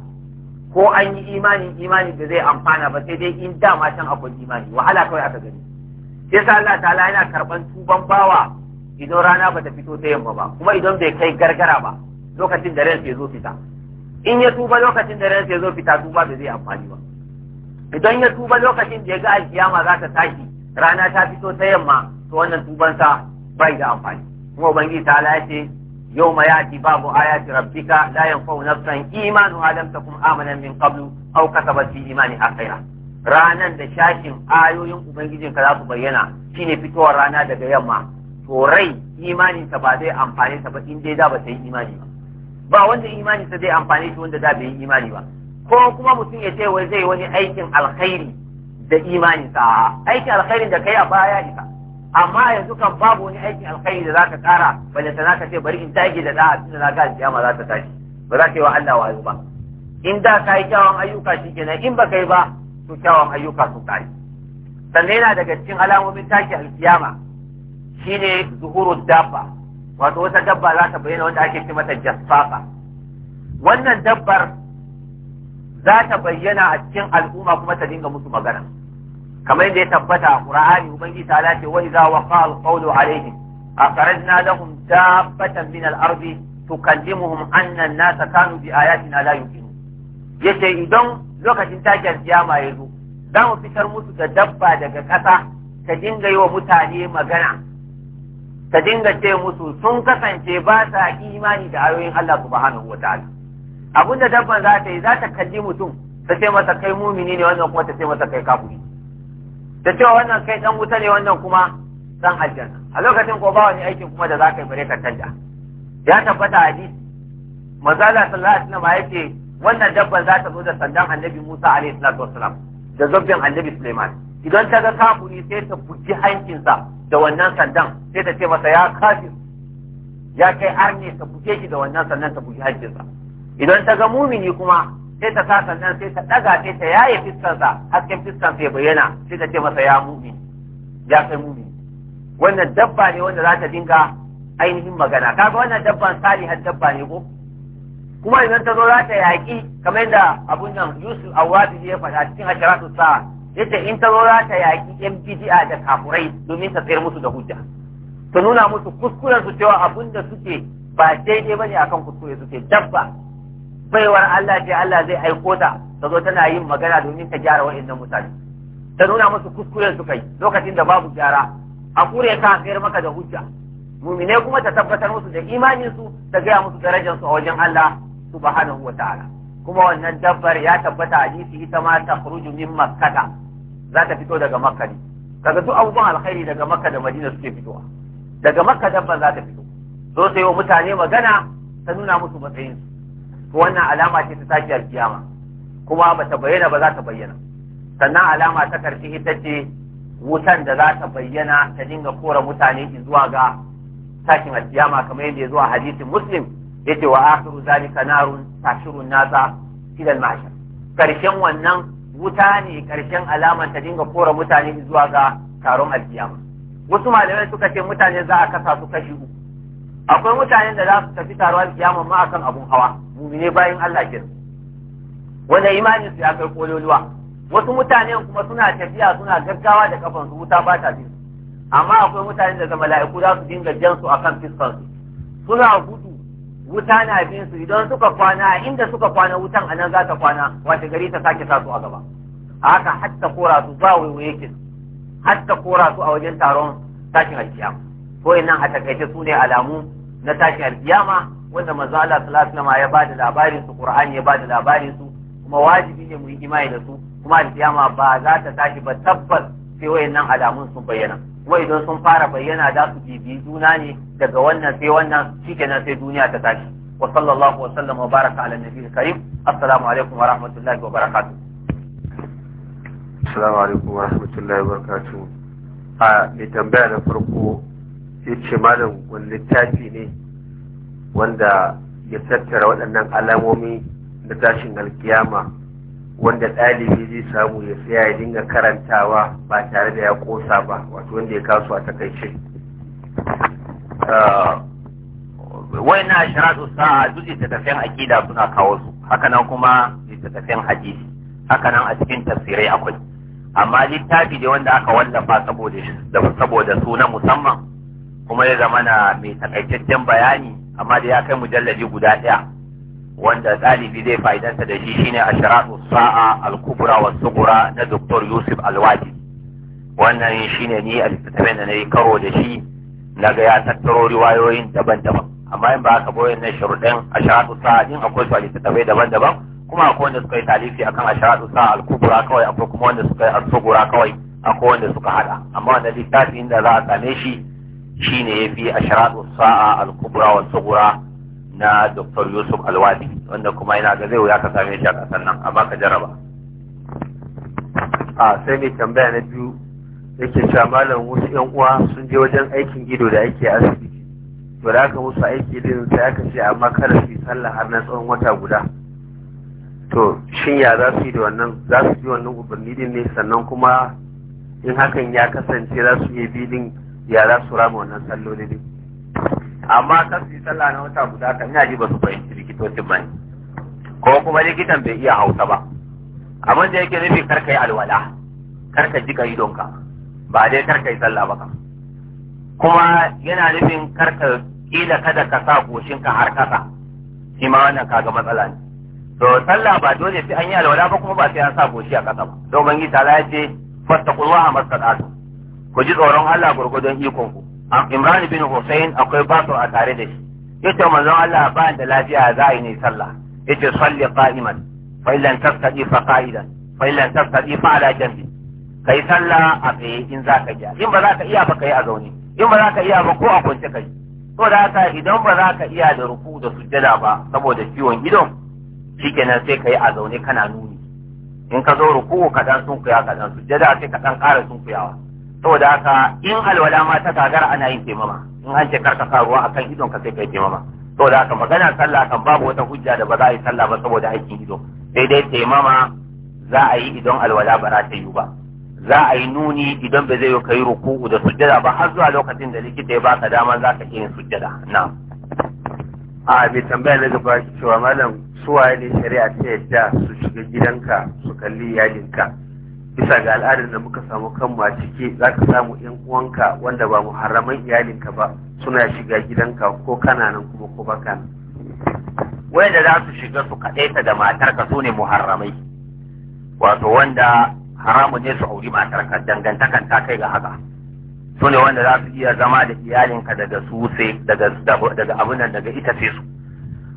ko an yi imani imani da zai amfana ba sai dai in dama can akwai imani wahala kawai aka gani sai sa Allah ta'ala yana karban tuban bawa idan rana bata fito ta yamma ba kuma idan bai kai gargara ba lokacin da ransa ya zo fita in ya tuba lokacin da ransa ya zo fita tuba ba zai amfani ba idan ya tuba lokacin da ya ga alkiyama za ta tashi rana ta fito ta yamma to wannan tubansa bai da amfani kuma ubangiji ta ala ce yau ma yati babu ayati rabbika la yanfa'u nafsan imanu alam takum amanan min qablu aw kasabat fi imani akhira ranan da shashin ayoyin ubangijin ka za su bayyana shine fitowar rana daga yamma to rai imanin ta ba zai amfane ta ba in dai da ba ta yi imani ba ba wanda imani ta zai amfane shi wanda da bai yi imani ba ko kuma mutum ya ce wai zai wani aikin alkhairi da imanin sa aikin alkhairin da kai a baya isa amma yanzu kan babu wani aikin alkhairi da zaka kara balle sana ka ce bari in tage da da'a tunda na ga alkiyama za ta tashi ba za ka yi wa Allah wayo ba in da ka yi kyawun ayyuka shikenan in ba ka yi ba to kyawun ayyuka sun kare sannan yana daga cikin alamomin tashi alkiyama shine zuhuru dabba wato wata dabba za ta bayyana wanda ake ce mata jasfafa wannan dabbar za ta bayyana a cikin al'umma kuma ta dinga musu magana kamar da ya tabbata a Qur'ani ubangiji ta za wa idza a al-qawlu alaihim akhrajna lahum dabbatan min al-ardi tukallimuhum anna an-nasa kanu bi ayatina la Ya yace idan lokacin takiyar kiyama ya zo za mu fitar musu da dabba daga ƙasa ta dinga yi wa mutane magana ta dinga ce musu sun kasance ba sa imani da ayoyin Allah subhanahu wa ta'ala Abunda dabban za ta yi za ta kalli mutum ta ce masa kai mumini ne wannan kuma ta ce masa kai kafiri da cewa wannan kai dan wuta ne wannan kuma dan aljanna a lokacin ko ba wani aikin kuma da zaka yi bare ka canja ya tabbata hadisi mazala sallallahu alaihi wasallam yake wannan dabba za ta zo da sandan annabi Musa alaihi salatu wasallam da zubbin annabi Sulaiman idan ta ga kafuri sai ta buji hankinsa da wannan sandan sai ta ce masa ya kafir ya kai arne ta buje shi da wannan sandan ta buji hankinsa idan ta ga mumini kuma sai ta sa sannan sai ta ɗaga sai ta yaye fiskansa hasken fiskansa ya bayyana sai ta ce masa ya mumi ya kai mumi wannan dabba ne wanda za ta dinga ainihin magana kaga wannan dabban salihar dabba ne ko kuma idan ta zo za ta yaƙi kamar yadda abun nan Yusuf Awadi ya faɗa cikin asharatu sa yace in ta zo za ta yaƙi yan bidi'a da kafurai domin ta tsayar musu da hujja ta nuna musu kuskuren su cewa abun da suke ba daidai bane akan kuskure suke dabba baiwar Allah ce Allah zai aiko ta ta zo tana yin magana domin ta gyara wa'annan mutane ta nuna musu kuskuren su kai lokacin da babu gyara a kure ka sayar maka da hujja mumine kuma ta tabbatar musu da imanin su ta gaya musu darajar su a wajen Allah subhanahu wa ta'ala kuma wannan dabbar ya tabbata a jisi ita ma ta khuruju min makkata za ta fito daga makka ne kaga duk abubuwan alkhairi daga makka da madina suke fitowa daga makka dabbar za ta fito zo sai wa mutane magana ta nuna musu matsayin su wannan alama ce ta tashi alkiyama kuma ba ta bayyana ba za ta bayyana sannan alama ta karshe ita ce wutan da za ta bayyana ta dinga kora mutane zuwa ga tashin alkiyama kamar yadda ya zuwa hadisin muslim ce wa akhiru zalika narun tashirun nasa ila al-mahshar karshen wannan wuta ne karshen alaman ta dinga kora mutane zuwa ga taron alkiyama wasu malamai suka ce mutane za a kasa su kashi uku akwai mutanen da za su tafi taron alkiyama ma akan abun hawa mumine bayan Allah kenan wanda imanin su ya kai kololuwa wasu mutane kuma suna tafiya suna gaggawa da kafan wuta ba ta amma akwai mutane da zama la'iku za su dinga jan su akan fiskan suna gudu wuta na bin su idan suka kwana inda suka kwana wutan anan za ta kwana wata gari ta sake sa su a gaba a haka hatta kora su ba waiwaye kin hatta kora su a wajen taron tashin alkiyama ko nan a takaice su ne alamu na tashin alkiyama wanda manzo Allah sallallahu alaihi wasallam ya bada labarin su Qur'ani ya bada labarin su kuma wajibi ne mu yi imani da su kuma alkiyama ba za ta tashi ba tabbas sai wayannan alamun sun bayyana wai idan sun fara bayyana za su bibi juna ne daga wannan sai wannan shikenan sai duniya ta tashi wa sallallahu wa sallam wa baraka ala nabiyil karim assalamu alaikum wa rahmatullahi wa barakatuh assalamu alaikum wa rahmatullahi wa barakatuh a mai tambaya na farko yace malam wani littafi ne wanda ya tattara waɗannan alamomi na tashin alkiyama wanda ɗalibi zai samu ya tsaya ya dinga karantawa ba tare da ya ƙosa ba wato wanda ya kasu a takaice ah, Wai na shiratu a duk littattafen akida suna kawo su hakanan kuma littattafen hadisi hakanan a cikin tafsirai akwai amma littafi ne wanda aka wallafa saboda saboda suna musamman kuma ya zama na mai takaitaccen bayani amma da ya kai mujalladi guda ɗaya wanda ɗalibi zai fa'idanta da shi shine asharatu sa'a al-kubra wa sugura na Dr. Yusuf Alwadi wannan shine ni a littattafin da na yi karo da shi na ga ya tattaro riwayoyin daban-daban amma in ba aka boye na shurɗin asharatu sa'a din akwai su a littattafai daban-daban kuma akwai wanda suka yi talifi akan asharatu sa'a al-kubra kawai akwai kuma wanda suka yi al-sugura kawai akwai wanda suka hada amma wannan littafin da za a same shi Shi ne ya fi a ashratu sa'a al-kubra wa sughra na Dr. Yusuf Alwadi wanda kuma yana ga zai wuya ka same shi a ƙasar nan amma ka jaraba a sai mai tambaya na biyu yake cewa malam wasu yan uwa sun je wajen aikin gido da ake asibiti to da aka musu aiki din sai aka ce amma kada su yi sallah har na tsawon wata guda to shin ya za su yi da wannan za su yi wannan umarni din ne sannan kuma in hakan ya kasance za su yi bidin ya za su rama wannan salloli ne amma kan su yi sallah na wata guda kan ina ji ba su fahimci likitocin ba ko kuma likitan bai iya hausa ba amma da yake nufi karka yi alwala karka jika idonka ba dai karka yi sallah ba ka kuma yana nufin karka kila kada ka sa goshinka har kasa shi ma wannan kaga matsala ne to sallah ba dole sai an yi alwala ba kuma ba sai an sa goshi a kasa ba domin yi, tala ya ce fattaqullaha mastata'tum ku ji tsoron Allah gurgudun ikon ku Imran bin Hussein akwai basu a tare da shi yace manzon Allah ba da lafiya za a yi ne sallah yace salli qa'iman fa illan tastati fa qa'idan fa illan tastati fa ala janbi kai sallah a tsaye in za ka iya in ba za ka iya ba kai a zaune in ba za ka iya ba ko a kwance kai to da haka idan ba za ka iya da ruku da sujjada ba saboda ciwon idon shikenan sai kai a zaune kana nuni in ka zo ruku ka dan sunkuya ka dan sujjada sai ka dan ƙara sunkuyawa saboda haka in alwala ma ta tagara ana yin taimama in an ce karka sa ruwa akan idon ka sai kai taimama saboda haka magana sallah kan babu wata hujja da ba za a yi sallah ba saboda aikin ido sai dai taimama za a yi idan alwala ba za ta yi ba za a yi nuni idan ba zai yi kai ruku'u da sujjada ba har zuwa lokacin da likita ya baka dama za ka yin sujjada na'am a bai tambaya na gaba cewa malam suwaye ne shari'a ta yadda su shiga gidanka su kalli yajinka bisa ga al'adar da muka samu kanmu a ciki za ka samu yan uwanka wanda ba muharraman iyalinka ba suna shiga gidanka ko kana nan kuma ko baka nan wanda za su shiga su ta da matarka su ne muharramai wato wanda haramun ne su auri matarka dangantakan ta kai ga haka su ne wanda za su iya zama da iyalinka daga su sai daga daga abin nan daga ita sai su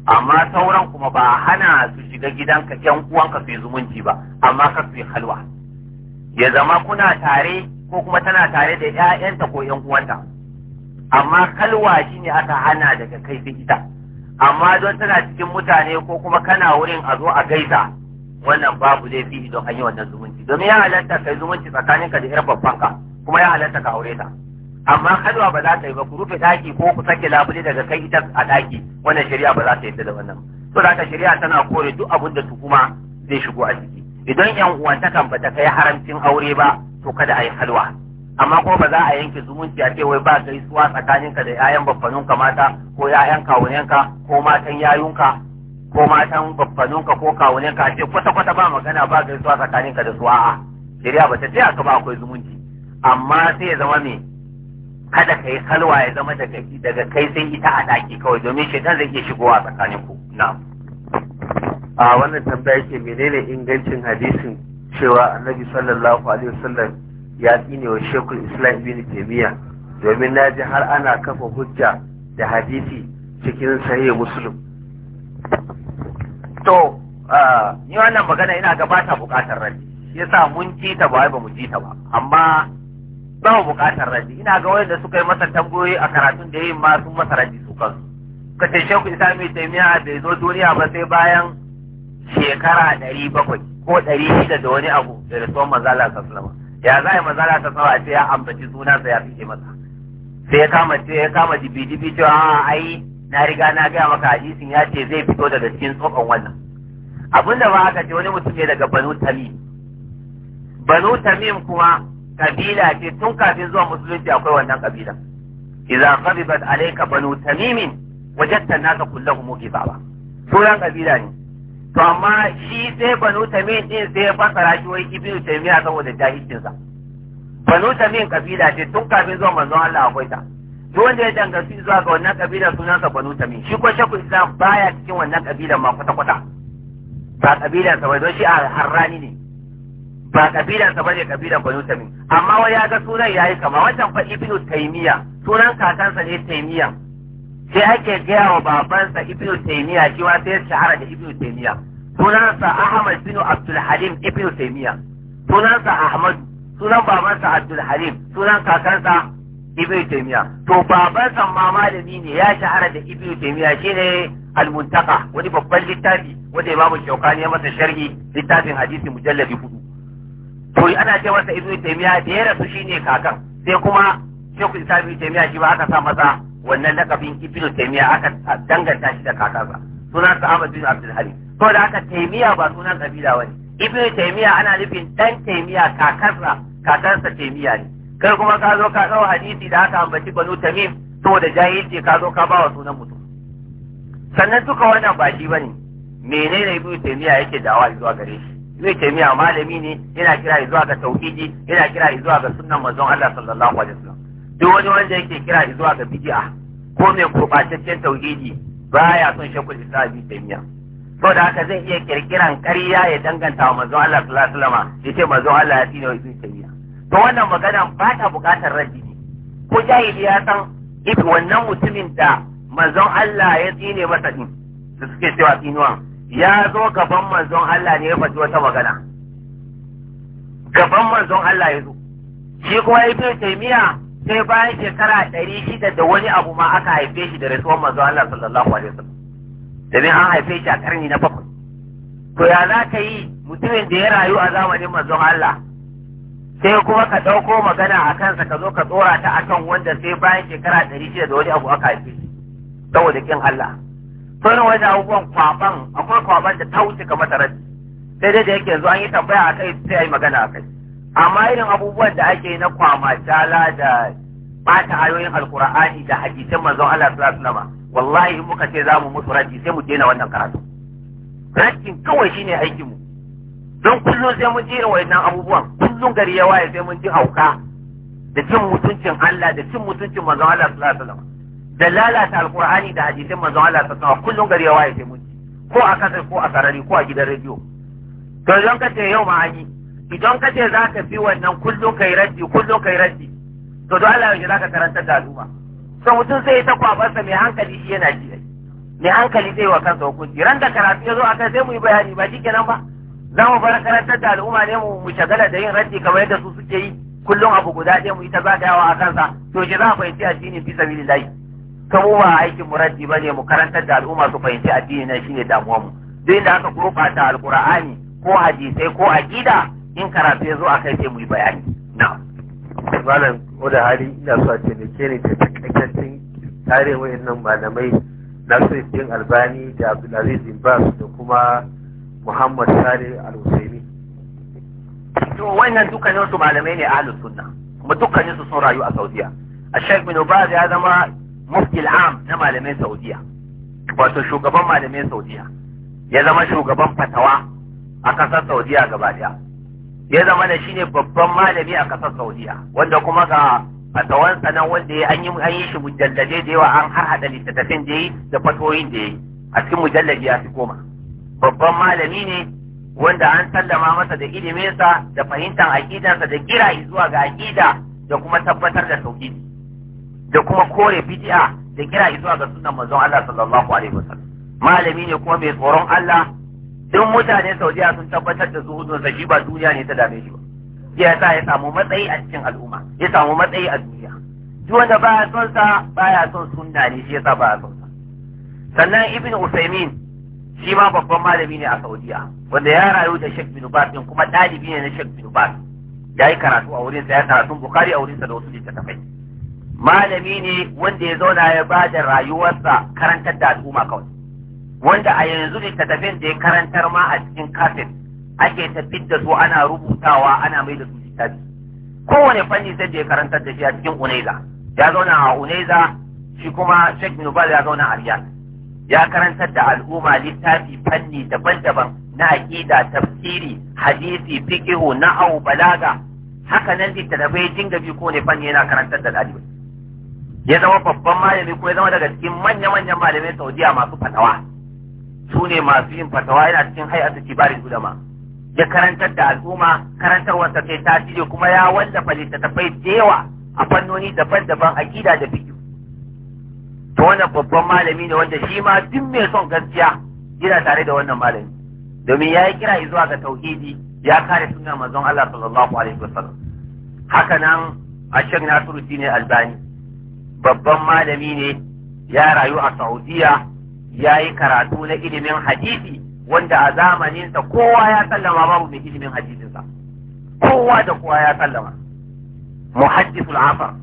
amma sauran kuma ba hana su shiga gidanka yan uwanka su yi zumunci ba amma ka su yi halwa ya zama kuna tare ko kuma tana tare da 'ya'yanta ko 'yan uwanta amma kalwa shi ne aka hana daga kai sai ita amma don tana cikin mutane ko kuma kana wurin a zo a gaisa wannan babu laifi idan an yi wannan zumunci domin ya halatta kai zumunci tsakaninka da 'yar babbanka kuma ya halatta ka aure ta amma kalwa ba za ta yi ba ku rufe daki ko ku sake labule daga kai ita a daki wannan shari'a ba za ta yi da wannan to da shari'a tana kore duk abin da tuhuma zai shigo a ciki idan yan uwantakan ba ta kai haramcin aure ba to kada a yi halwa amma ko ba za a yanke zumunci a ce wai ba gaisuwa tsakaninka da 'ya'yan ka mata ko 'ya'yan ka ko matan yayunka ko matan ka ko ka a ce kwata-kwata ba magana ba gaisuwa tsakaninka da su a shari'a ba ta ce aka ba akwai zumunci amma sai ya zama me kada ka yi halwa ya zama daga kai sai ita a ɗaki kawai domin shaitan zai iya shigowa tsakanin ku na'am a wannan tambaya yake menene ingancin hadisin cewa annabi sallallahu alaihi wasallam ya tsine wa shekul islam ibn taymiya domin na ji har ana kafa hujja da hadisi cikin sahih muslim to ni wannan magana ina gabata bukatar rabi yasa mun ji ta ba ba mu ji ta ba amma ba mu bukatar rabi ina ga wanda suka yi masa tambayoyi a karatun da yayin ma sun masa rabi su kansu kace shekul islam ibn taymiya bai zo duniya ba sai bayan shekara ɗari bakwai ko ɗari shida da wani abu da rasuwan mazala ta sulama ya za a mazala ta sallama sai ya ambaci suna sai ya fice masa sai ya kama ce ya kama jibi cewa a ai na riga na gaya maka hadisin ya ce zai fito daga cikin tsokan wannan abinda ba aka ce wani mutum ne daga banu tamim banu tamim kuma kabila ce tun kafin zuwa musulunci akwai wannan kabila idan kabibat alayka banu tamimin wajadta naka nasa kullahum ba. sunan kabila ne to amma shi sai banu tamin din sai ya fasa shi wai ibnu taymiya saboda jahilcinsa banu tamin kabila ce tun kafin zuwa manzon Allah akwai ta duk wanda ya danganci zuwa ga wannan kabila sunansa banu tamin shi ko shakku islam baya cikin wannan kabila ma kwata kwata ba kabila sa bai don shi harrani ne ba kabila sa bane kabilan banu tamin amma wai ya ga sunan yayi kama wannan fa ibnu taymiya sunan kakansa ne taymiya sai ake gaya wa babansa ibnu taymiya shi ma ya shahara da ibnu taymiya sunansa ahmad bin abdul halim ibnu taymiya sunansa ahmad sunan babansa abdul halim sunan kakansa ibnu taymiya to babansa ma malami ne ya shahara da ibnu taymiya shine al-muntaka wani babban littafi wanda imamu shaukani ya masa sharhi littafin hadisi mujallabi hudu to ana ce masa ibnu taymiya da ya rasu shine kakan sai kuma shekul islam ibnu taymiya shi ba aka sa masa wannan lakabin ibn taymiya aka danganta shi da kakansa sunan sa Ahmad bin Abdul Halim to da aka taymiya ba sunan kabila bane ibn taymiya ana nufin dan taymiya kakansa kakansa taymiya ne kai kuma ka zo ka dau hadisi da aka ambaci banu tamim to da jahilci ka zo ka bawa sunan mutum sannan duka wannan ba shi bane menene ibn taymiya yake da da'awa zuwa gare shi ibn taymiya malami ne yana kira zuwa ga tauhidi yana kira zuwa ga sunnan manzon Allah sallallahu alaihi wasallam duk wani wanda yake kira zuwa ga bid'a ko mai gurbataccen tauhidi baya son shakul islam bi taymiya to da haka zai iya kirkiran ƙarya ya danganta wa manzo Allah sallallahu alaihi wasallam yace manzo Allah ya tsine ibn taymiya to wannan magana ba ta buƙatar raddi ko jahili ya san ibi wannan mutumin da manzon Allah ya tsine masa din su suke cewa tsinuwa ya zo gaban manzon Allah ne ya faɗi wata magana gaban manzon Allah ya zo shi kuma ibn taymiya sai bayan shekara ɗari shida da wani abu ma aka haife shi da rasuwar manzo Allah sallallahu alaihi wasallam domin an haife shi a karni na bakwai to ya za ka yi mutumin da ya rayu a zamanin manzo Allah sai kuma ka ɗauko magana a kansa ka zo ka tsora ta a kan wanda sai bayan shekara ɗari shida da wani abu aka haife shi saboda kin Allah sauran wani abubuwan kwaban akwai kwaban da ta wuce ka masarar. sai dai da yake yanzu an yi tambaya a kai sai a yi magana a kai amma irin abubuwan da ake na kwama, tala, da bata ayoyin alkur'ani da hadisan manzon Allah sallallahu alaihi wasallam wallahi in muka ce zamu musu raji sai mu daina wannan karatu Rakin kawai shine aikin mu don kullum sai mun ji irin wayannan abubuwan kullum gari ya waye sai mun ji hauka da cin mutuncin Allah da cin mutuncin manzon Allah sallallahu alaihi wasallam da lalata alkur'ani da hadisan manzon Allah sallallahu alaihi wasallam kullum gari ya waye sai mun ji ko a kasar ko a sarari ko a gidan rediyo to idan ka ce yau ma an yi idan ka ce za ka fi wannan kullum kai raddi kullum kai raddi to don Allah yanzu za ka karanta da al'umma mutum sai ta kwabarsa mai hankali shi yana ji mai hankali zai wa kansa hukunci ran da karatu ya zo a kai sai mu yi bayani ba shi kenan ba za mu bar karantar da al'umma ne mu shagala da yin raddi kamar yadda su suke yi kullum abu guda ɗaya mu yi ta zagayawa a kansa to shi za a fahimci addini fi sabilillahi kan mu ba aikin mu ba ne mu karantar da al'umma su fahimci addini na shine damuwa mu duk da aka gurɓata alqur'ani ko hadisai ko aqida in karatu ya zo a kai sai mu yi bayani na malam ko hali ina so a taimake ni da takaitaccen tare nan malamai Nasiruddin Albani da Abdulaziz zimbabwe da kuma Muhammad Salih Al-Husaini to wannan dukkanin su malamai ne ahlus sunna kuma dukkanin su sun rayu a Saudiya a Sheikh bin Ubaz ya zama mufti al-am na malamai Saudiya wato shugaban malamai Saudiya ya zama shugaban fatawa a kasar Saudiya gaba daya ya zama da shi ne babban malami a kasar Saudiya wanda kuma ga fatawan sanan wanda ya an yi shi mujallade da yawa an harhaɗa littattafin da yi da fatoyin da yi a cikin mujallabi ya fi koma babban malami ne wanda an sallama masa da iliminsa da fahimtar aƙidansa da kira zuwa ga aƙida da kuma tabbatar da sauƙi, da kuma kore bid'a da kira zuwa ga sunan manzon Allah sallallahu alaihi wasallam malami ne kuma mai tsoron Allah duk mutane saudiya sun tabbatar da zuhudun sa shi ba duniya ne ta dame shi ba ya sa ya samu matsayi a cikin al'umma ya samu matsayi a duniya duk wanda ya son sa ba ya son sunna ne shi ba ya son sa sannan ibn usaimin shi ma babban malami ne a saudiya wanda ya rayu da shek bin bas din kuma ɗalibi ne na shek bin bas ya yi karatu a wurinsa ya karatu bukari a wurinsa da wasu littattafai malami ne wanda ya zauna ya ba da rayuwarsa karantar da al'umma kawai wanda a yanzu littattafin da ya karantar ma a cikin kafin ake tafi da su ana rubutawa ana mai da su littafi kowane fanni sai da ya karantar da shi a cikin uneza ya zauna a uneza shi kuma shek nubal ya zauna a riyad ya karantar da al'umma littafi fanni daban-daban na aƙida tafsiri hadisi na au balaga haka nan littattafai dinga bi kowane fanni yana karantar da ɗalibai ya zama babban malami ko ya zama daga cikin manya-manyan malamai saudiya masu fatawa su ne masu yin fatawa yana cikin hay'atu kibarin ulama ya karantar da al'umma karantarwarsa ta tasiri kuma ya wallafa littattafai da yawa a fannoni daban-daban aƙida da fiƙi to wannan babban malami ne wanda shi ma duk mai son gaskiya yana tare da wannan malami domin ya yi kira zuwa ga tauhidi ya kare sunnar mazan Allah sallallahu alaihi wasallam haka nan a Nasiru shine Albani babban malami ne ya rayu a Saudiya ya yi karatu na ilimin hadisi wanda a zamaninsa kowa ya sallama babu mai ilimin hadisinsa kowa da kowa ya sallama muhaddisul afar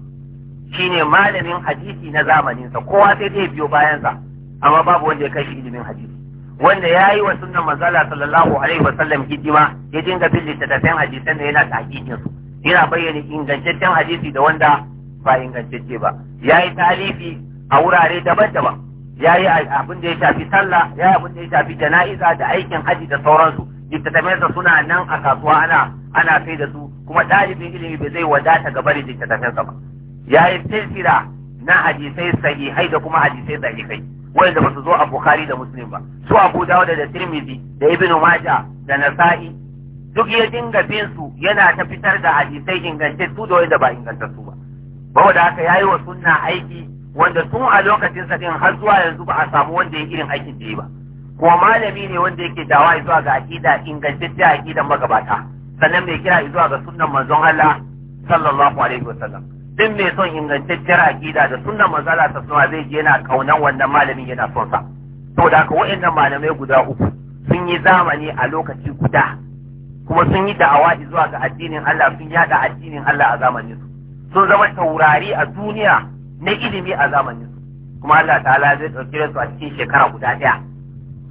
shine malamin hadisi na zamaninsa kowa sai dai biyo bayansa amma babu wanda ya kai ilimin hadisi wanda ya yi wa sunan manzala sallallahu alaihi wa sallam hidima ya dinga bin littattafan hadisan da yana tahqiqin su yana bayyana ingantaccen hadisi da wanda ba ingantacce ba ya yi talifi a wurare daban-daban ya yi abin da ya shafi sallah ya yi abin da ya shafi jana'iza da aikin haji da sauransu littattafensa suna nan a kasuwa ana ana sai da su kuma ɗalibin ilimi bai zai wadata ga bari littattafensa ba ya yi silsila na hadisai sahihai da kuma hadisai sahihai wanda ba basu zo a bukhari da muslim ba su abu dawuda da tirmidhi da ibn maja da nasa'i duk ya dinga bin su yana ta fitar da hadisai ingantattu da wanda ba ingantattu ba ba da haka yayi wa sunna aiki wanda tun a lokacin sa din har zuwa yanzu ba a samu wanda ya irin aikin da yi ba kuma malami ne wanda yake dawa zuwa ga aqida ingantacciyar aqidan magabata sannan mai kira zuwa ga sunnan manzon Allah sallallahu alaihi wasallam din mai son ingantacciyar aqida da sunnan manzon Allah ta sunna zai je yana kaunan wannan malamin yana son sa da haka waɗannan malamai guda uku sun yi zamani a lokaci guda kuma sun yi da'awa zuwa ga addinin Allah sun yada addinin Allah a zamanin su sun zama taurari a duniya na ilimi a zamanin su, kuma Allah ta'ala zai ɗauki su a cikin shekara guda ɗaya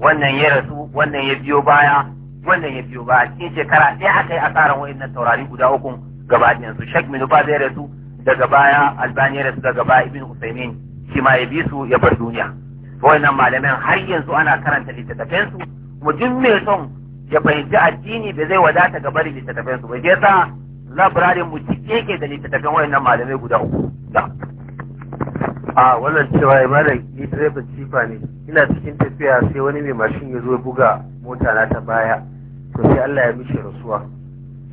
wannan ya rasu wannan ya biyo baya wannan ya biyo baya cikin shekara ɗaya aka yi asarar wa'annan taurari guda uku gaba ɗayan su Sheikh Minuba zai rasu daga baya Albani ya rasu daga baya Ibn Usaimin shi ma ya bi su ya bar duniya wa'annan malaman har yanzu ana karanta littattafan su mu duk mai son ya fahimci addini bai zai wadata ga bari littattafan su ba sa labirarin mu cike ke da littattafan wa'annan malamai guda uku a wannan cewa ya malam ni direban cifa ne ina cikin tafiya sai wani mai mashin ya zo buga mota na ta baya to sai Allah ya mishi rasuwa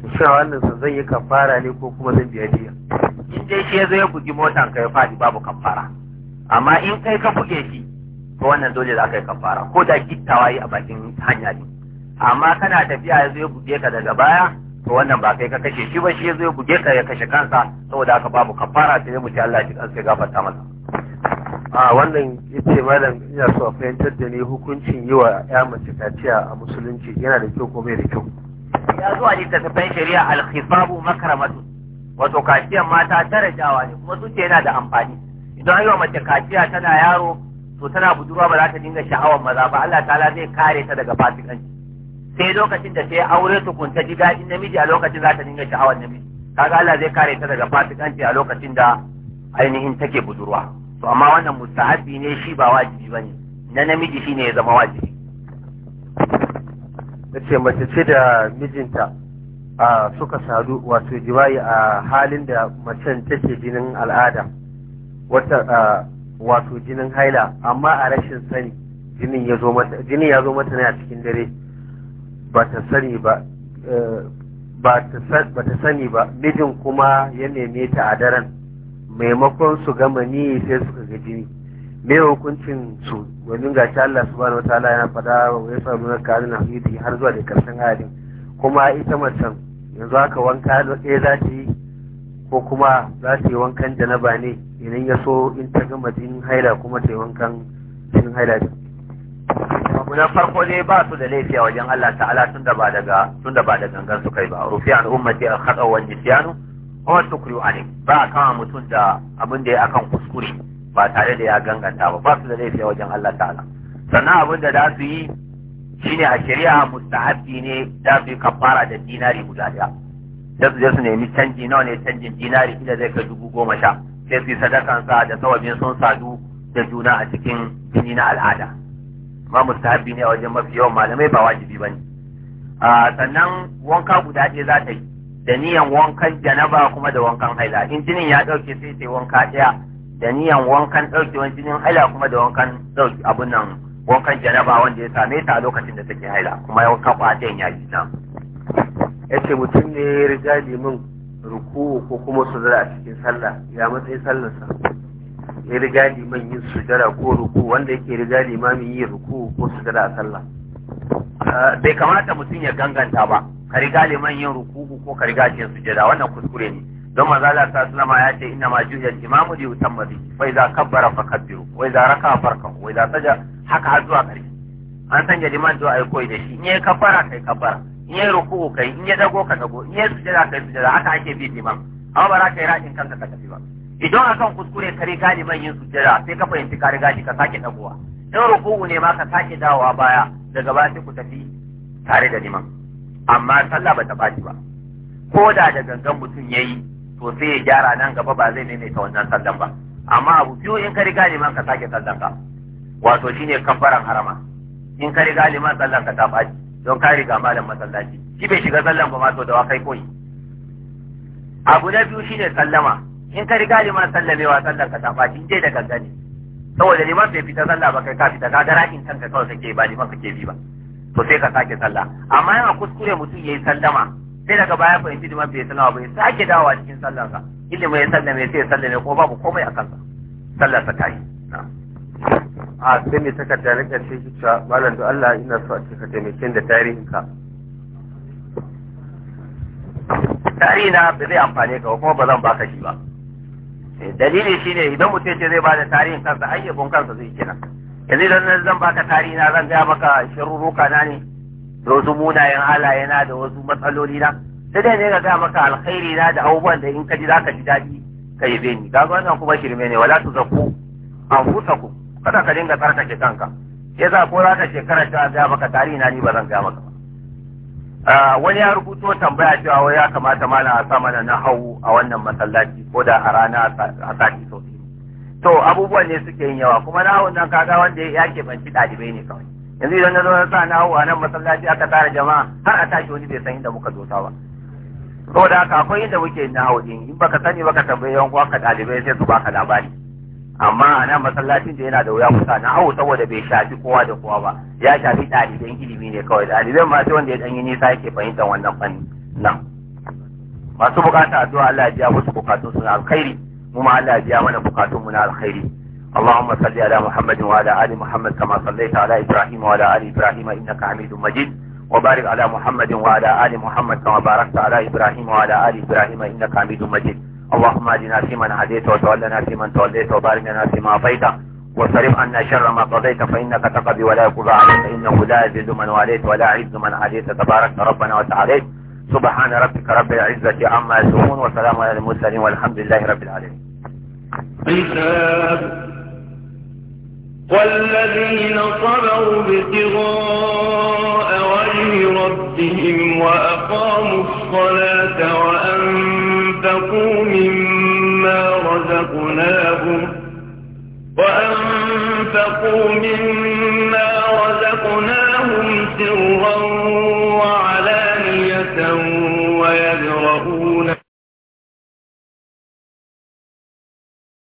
to shi wannan sun zan yi kafara ne ko kuma zan biya diya in dai shi ya zo ya bugi motan ka ya fadi babu kafara amma in kai ka buge shi to wannan dole za ka yi kafara ko da gittawa yi a bakin hanya ne amma kana tafiya ya zo ya buge ka daga baya to wannan ba kai ka kashe shi ba shi ya zo ya buge ka ya kashe kansa saboda haka babu kafara sai mu ci Allah ya ji kansa ya gafarta masa a wannan yace malam ina so a fahimtar da ni hukuncin yi wa ya mace kaciya a musulunci yana da kyau ko bai da kyau ya zo a littattafan shari'a al-khisabu makramatu wato kaciyar mata darajawa ne kuma zuciya yana da amfani idan an yi wa mace kaciya tana yaro to tana budurwa ba za ta dinga sha'awar maza ba Allah ta'ala zai kare ta daga fasikanci sai lokacin da ta yi aure tukunta ji daɗin namiji a lokacin za ta dinga sha'awar namiji kaga Allah zai kare ta daga fasikanci a lokacin da ainihin take budurwa to amma wannan mustahabi ne shi ba wajibi ba ne na namiji shi ne ya zama wajibi ta ce mace da mijinta a suka sadu wato jima'i a halin da macen take jinin al'ada wata wato jinin haila amma a rashin sani jinin ya zo mata ne a cikin dare ba ta sani ba eh, ba ta sani ba mijin kuma ya neme ta a daren maimakon su gama ni sai suka ga jini me hukuncin su domin ga ta Allah subhanahu wataala yana fada wa ya samu na kalin na har zuwa da karshen ayatin kuma ita macen yanzu haka wanka ɗaya za ta yi ko kuma za ta yi wankan janaba ne idan ya so in ta gama jinin haila kuma ta yi wankan jinin haila din abu farko ne ba su da laifi wajen Allah ta'ala tun ba daga tun da ba da gangan su kai ba rufi an ummati al khata wa nisyanu ko tukriyu alai ba a kama mutum da abin da ya akan kuskure ba tare da ya ganganta ba ba su da laifi wajen Allah ta'ala sannan abin da za su yi shine a shari'a mustahabbi ne za su yi kafara da dinari guda daya sai su je su nemi canji nawa ne canjin dinari inda zai kai dubu goma sha sai su yi sadakansa da sawabin sun sadu da juna a cikin jini na al'ada ma mustahabbi ne a wajen mafi yawan malamai ba wajibi ba ne ah, sannan wanka guda ɗaya za ta yi da niyan wankan janaba kuma da wankan haila in jinin ya dauke sai sai wanka daya da niyan wankan wani jinin haila kuma da wankan dauke abun nan wankan janaba wanda ya same ta a lokacin da take haila kuma ya kafa ɗayan ya yi nan yace mutum ne ya riga limin ruku ko kuma zara a cikin sallah ya matsayin sallarsa ya riga liman yin zara ko ruku wanda yake riga limamin yin ruku ko sujada a sallah ah, bai kamata mutum ya ganganta ba ka riga liman yin rukuku ko ka riga shi sujada wannan kuskure ne don manzo Allah sallallahu ya ce inna ma ju'ya al-imamu li yutamma bi fa idza kabbara kabbiru wa idza raka'a farkau wa idza saja haka har zuwa ƙarshe an sanya liman zuwa ai koyi da shi in yayi kabbara kai kabbara in yayi rukuku kai in ya dago ka dago in yayi sujada kai sujada haka ake bi liman amma ba za ka yi ra'in kanka ka tafi ba idan akan kuskure ka riga liman yin sujada sai ka fahimci ka riga shi ka sake dagowa in rukuku ne ma ka sake dawowa baya daga baya sai ku tafi tare da liman amma sallah ba ta ba ko da da gangan mutum ya yi to sai ya gyara nan gaba ba zai maimaita wannan sallan ba amma abu biyu in ka riga liman ka sake sallan ka wato shine kafaran harama in ka riga liman sallan ka ta ɓaci don ka riga malam masallaci shi bai shiga sallan ba ma to da wakai koyi abu na biyu shine sallama in ka riga liman sallamewa sallan ka ta ɓaci in da gangan ne saboda liman bai fita sallah ba kai ka fita ka gara in kanka kawai kake ba liman kake bi ba to sai ka sake sallah amma yana kuskure mutum yayi sallama sai daga baya fahimci da bai sallama bai sake dawowa cikin sallarsa ilimi mai sallame sai ya sallame ko babu komai a kansa sallar ta yi a sai mai takarda na ƙarshe shi cewa malam to Allah ina so a ce ka taimake da tarihin ka tarihi na ba zai amfane ka kuma ba zan baka shi ba eh, dalili shine idan mutum ce zai bada tarihin kansa ayyukan kansa zai kenan. yanzu idan zan baka tarihi na zan gaya maka shiruruka na ne da wasu munayen halaye na da wasu matsaloli na sai dai ne ga gaya maka alkhairi na da abubuwan da in ka ji zaka ji daɗi ka yi ni kaga wannan kuma shirme ne wala tuzakku ku? kada ka dinga tsarkake kanka za ko za ka shekara ta gaya maka tarihi na ni ba zan gaya maka ah, wani ya rubuto tambaya cewa wai ya kamata mana a sa mana na hau a wannan masallaci ko da a rana a sati sosai. to abubuwan ne suke yin yawa kuma na nan kaga wanda ya ke banci ɗalibai ne kawai yanzu idan na zo na sa hau a nan masallaci aka tara jama'a har a tashi wani bai san inda muka dosa ba da haka akwai inda muke na hau din in baka sani baka tambayi yan ka ɗalibai sai su baka labari amma a nan masallacin da yana da wuya kusa hau saboda bai shafi kowa da kowa ba ya shafi ɗaliban ilimi ne kawai ɗaliban ma sai wanda ya ɗan yi nisa yake fahimtar wannan fanni nan masu bukata addu'a Allah ya ji musu bukatun su alkhairi mu ma Allah ya biya mana bukatun mu na alkhairi اللهم صل على محمد وعلى آل محمد كما صليت على إبراهيم وعلى آل إبراهيم إنك حميد مجيد وبارك على محمد وعلى آل محمد كما باركت على إبراهيم وعلى آل إبراهيم إنك حميد مجيد اللهم أدنا فيمن هديت وتولنا فيمن توليت وبارك لنا فيما أعطيت وصرف عنا شر ما قضيت فإنك تقضي ولا يقضى عليك إنه لا يذل من واليت ولا يعز من عليت تبارك ربنا وتعاليت سبحان ربك رب العزة عما يصفون وسلام على المرسلين والحمد لله رب العالمين حساب والذين صبروا ابتغاء وجه ربهم وأقاموا الصلاة وأنفقوا مما رزقناهم وأنفقوا مما رزقناهم سرا